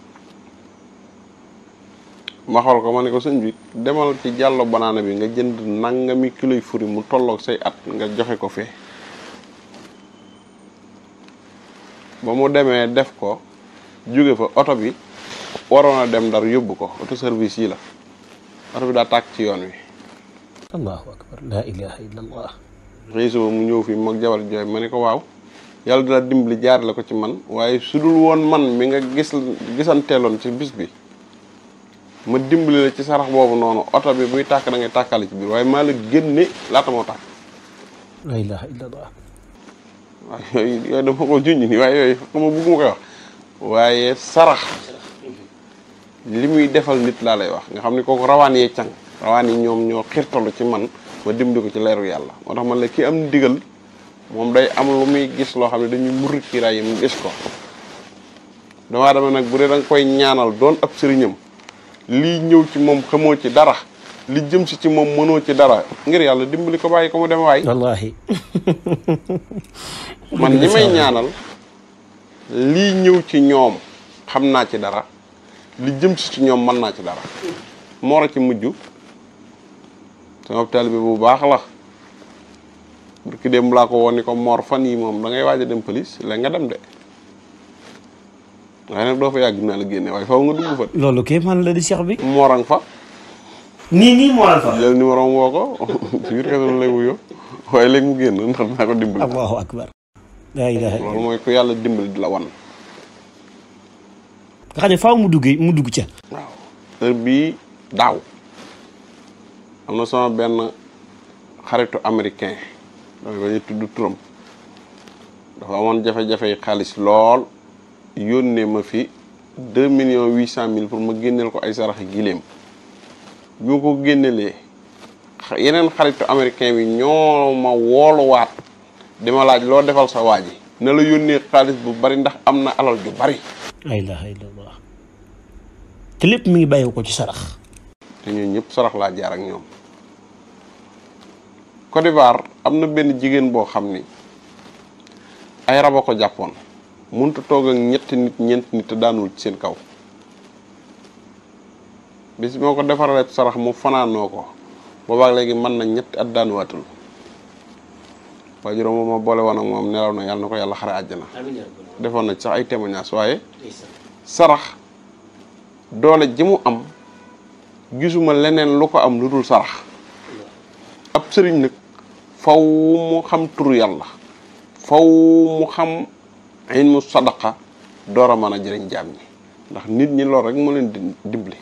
ma xool ko ma ne ko sëñ bi demal ci jàllo banaana bi nga jënd nangami kiloy furi mu tolloog say at nga joxe ko fee ba mu demee def ko jóge fa oto bi waroon a dem ndar yóbbu ko auto service yi la oto bi daa tàkk ci yoon wi allahu akbar laa ilaha illa allah mu ñëw fi mag jabar jooy ma ne ko waaw yàlla daa dimbali jaar la ko ci man waaye su dul woon man mi nga gis gisanteeloon ci bis bi ma dimbali la ci sarax boobu noonu oto bi buy tàkk da ngay tàkkale ci biir waaye maa la génne laata moo tàkk laa ilaha illa waaye yooyu yooyu dama ko junj nii waaye yooyu xam nga bëgguma koy wax waaye sarax li muy defal nit laa lay wax nga xam ni kooku rawaan yee càng rawaan ñoom ñoo xirtalu ci man ma dimbali ko ci leeru yàlla moo man la ki am ndigal moom day am lu muy gis loo xam ne dañuy murri kiiraay yi mu gis ko damaa dama nag bu dee da koy ñaanal doon ab sëriñam lii ñëw ci moom xamoo ci dara li jëm si ci moom mënoo ci dara ngir yàlla dimbali ko bàyyi ko mu dem waay wallaahi man ñi may ñaanal lii ñëw ci ñoom xam naa ci dara li jëm si ci ñoom man naa ci dara moor a ci mujj sama taalibe bu baax la burki dem laa ko woon ni ko moor fan yi moom da ngay dem police léegi nga dem de waaye nag doo fa yàgg naa la génne waaye faaw nga dugg fa de loolu kay man la di seex bi moorang fa nii nii mooral fa jël [laughs] mu génn la ilaha loolu mooy ku yàlla dimbali di la wan nga xam mu dugg mu dugg ca. waaw heure bii daaw am na sama benn xaritu americain damay bañ dafa amoon jafe-jafe xaalis lool yónnee ma fi deux millions huit cent mille pour ma génneel ko ay saraxi gileem bi ma ko génnelee yeneen xaritu americain bi ñoo ma wooluwaat di ma laaj loo defal sa waa yi na la yónnee xaalis bu bari ndax am na alal ju bari la ilaha illallah te mi ngi bàyyi ko ci sarax. te ñun ñëpp sarax laa jaarak ñoom Côte d'Ivoire am na benn jigéen boo xam ni ay rab a ko jàppoon mënut a toog ak ñetti nit ñeenti nit te daanul ci seen kaw bis moo ko defaralee sarax mu fanaanoo ko boobaag léegi mën na ñetti at daanuwaatul waaye juróom moom ma boole woon ak moom nelaw na yàlla na ko yàlla xare àjjana defoon na sax ay témoignages waaye sarax doole ji mu am gisuma leneen lu ko am lu dul sarax ab sëriñ nag faw mu xam turu yàlla faw mu xam ilmu sadaqa door a mën a jëriñ jaam ñi ndax nit ñi loolu rek mu leen di dimbali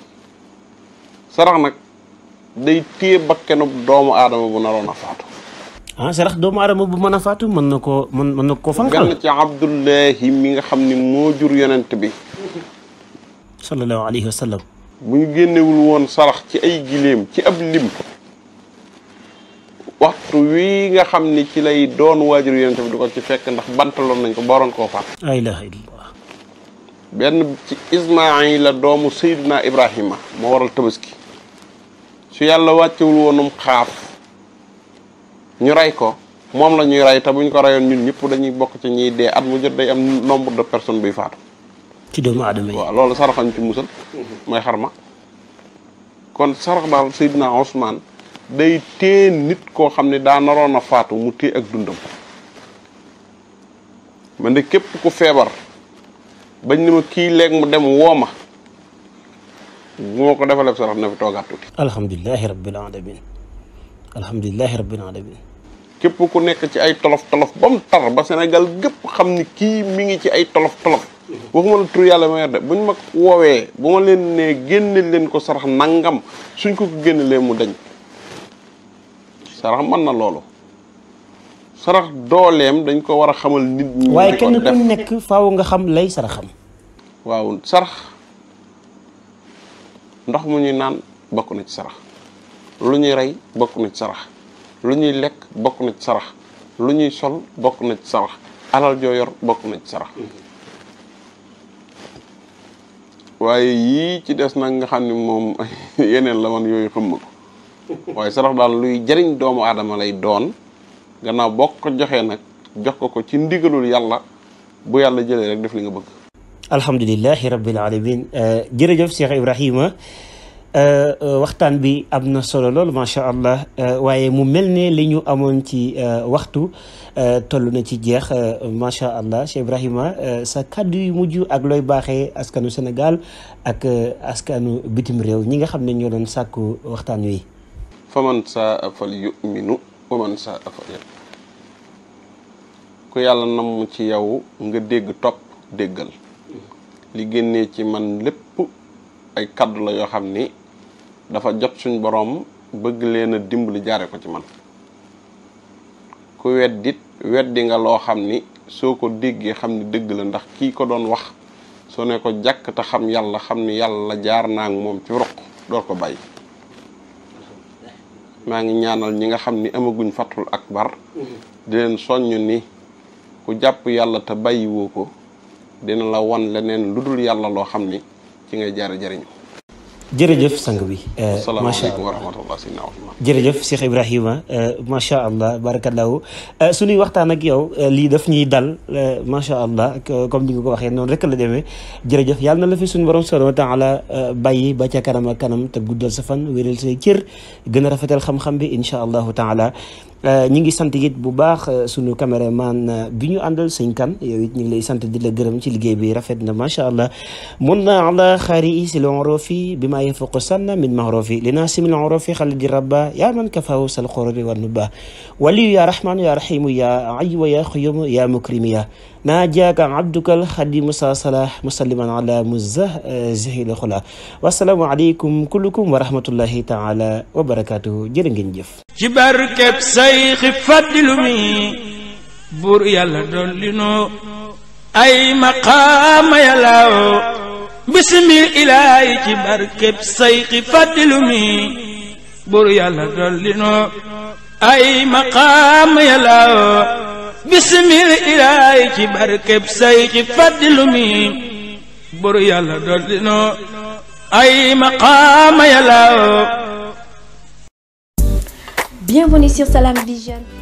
sarax nag day ba bakkenub doomu aadama bu naroon a faatu ah sarax doomu aadama bu mën a faatu mën na koo mën mën na koo fanqal gan ci abdullahi mi nga xam ne moo jur yonent bi sallallahu alayhi wa sallam bu ñu génnewul woon sarax ci ay giléem ci ab lim waxtu wi nga xam ni ci lay doon waajur yonent bi du ko ci fekk ndax bantaloon nañ ko booroon koo faat la ilaha illallah benn ci ismail la doomu sayduna ibrahima moo waral tabaski su yàlla wàccewul woonum xaaf ñu rey ko moom la ñuy rey te bu ñu ko reyoon ñun ñëpp dañuy bokk ci ñiy dee at mu jot day am nombre de personnes buy faatu. ci doomu aadama yi waaw loolu saraxañ ci musal. xar ma kon sarax daal Seydina Ousmane day téye nit koo xam ne daa naroon a faatu mu téye ak dundam. man de képp ku feebar bañ ni ma kii léeg mu dem woo ma moo ko defaleeb sarax na fi toogaat tuuti. alhamdulilah rabbil alamin alhamdulilahi rabbil bi képp ku nekk ci ay tolof tolof ba mu tar ba Sénégal gépp xam ni kii mi ngi ci ay tolof tolof waxuma la tur yàlla ma bu ñu buñ ma woowee bu ma leen nee génne leen ko sarax nangam suñ ko ko génnelee mu dañ sarax mën na loolu sarax dooleem dañ ko war a xamal nit ñi waaye kenn ku nekk faaw nga xam lay saraxam waaw sarax ndox mu ñuy naan bokk na ci sarax lu ñuy rey bokk na ci sarax lu ñuy lekk bokk na ci sarax lu ñuy sol bokk na ci sarax alal joo yor bokk na ci sarax waaye yii ci des nag nga xam ne moom [laughs] yeneen la man yooyu xam ma ko waaye sarax daal luy jariñ doomu aadama lay doon gannaaw bokk ko joxee nag jox ko ko ci ndigalul yàlla bu yàlla jëlee rek def li nga bëgg Euh, euh, waxtaan bi am na solo lool macha allah euh, waaye mu mel ne li ñu amoon ci waxtu toll na ci jeex macha allah Cheikh Ibrahima sa kàddu yu mujj ak looy baaxee askanu Sénégal ak askanu bitim réew ñi nga xam ne ñoo doon sàkku waxtaan wi. faman saa afal yuminu waman saa afal yat ku yàlla namm ci yow nga dégg topp déggal li génnee ci man lépp ay kaddu la yoo xam ni dafa jot suñ boroom bëgg leena a dimbali jaare ko ci man ku weddit weddi nga loo xam ni soo ko déggee xam ni dëgg la ndax kii ko doon wax soo ne ko jàkk te xam yàlla xam ni yàlla jaar naa ak moom ci ruq door ko bàyyi maa ngi ñaanal ñi nga xam ni amaguñ fattul akbar mm-hmm. di leen soññ ni ku jàpp yàlla te bàyyiwoo ko dina la won leneen lu dul yàlla loo xam ni ci ngay jaare jariñu jërëjëf sang bi. Euh, asalaamaaleykum wa rahmatulah sëñ jërëjëf Cheikh Ibrahima euh, macha allah barakallahu euh, suñuy waxtaan ak yow lii daf ñuy dal macha allah comme ni nga ko waxee noonu rek la demee jërëjëf yàlla na la fi suñu borom subhanahu wa taala bàyyi ba ca kanam ak kanam te guddal sa fan wéral say cër gën a rafetal xam-xam bi incha allahu taala Euh, ñi ngi sant it bu baax euh, sunu caméraman euh, bi ñu àndal sëñ kan yow ñu ngi lay sant di la gërëm ci liggéey bi rafet na macha allah mun na ala xaari si lonrofi bi maa yefuqu sanna min mahrofi li naa simil onrofi xale di rabba yaa man kafaw sal baa waliyu yaa rahmaanu yaa rahimu yaa ayu wa xuyumu yaa mukrimu najaaka abdukal xadimu sa salah musalliman ala muzah eh, zahil xula wasalaamu aleykum kullukum wa rahmatullahi taala wa barakatuhu jërë ngeen jëf ci barkeb sayxi faddilu mi buur yàlla dolli nu ay maqaama yàllaw bismi ilaahi ci barkeb sayxi faddilu mi buur yàlla dolli nu ay maqaama yàllaw bismil ilaay ci barkeb say ci faddilu mi buru yàlla dool dinoo ay maqaama yàlla Bienvenue sur Salam Vision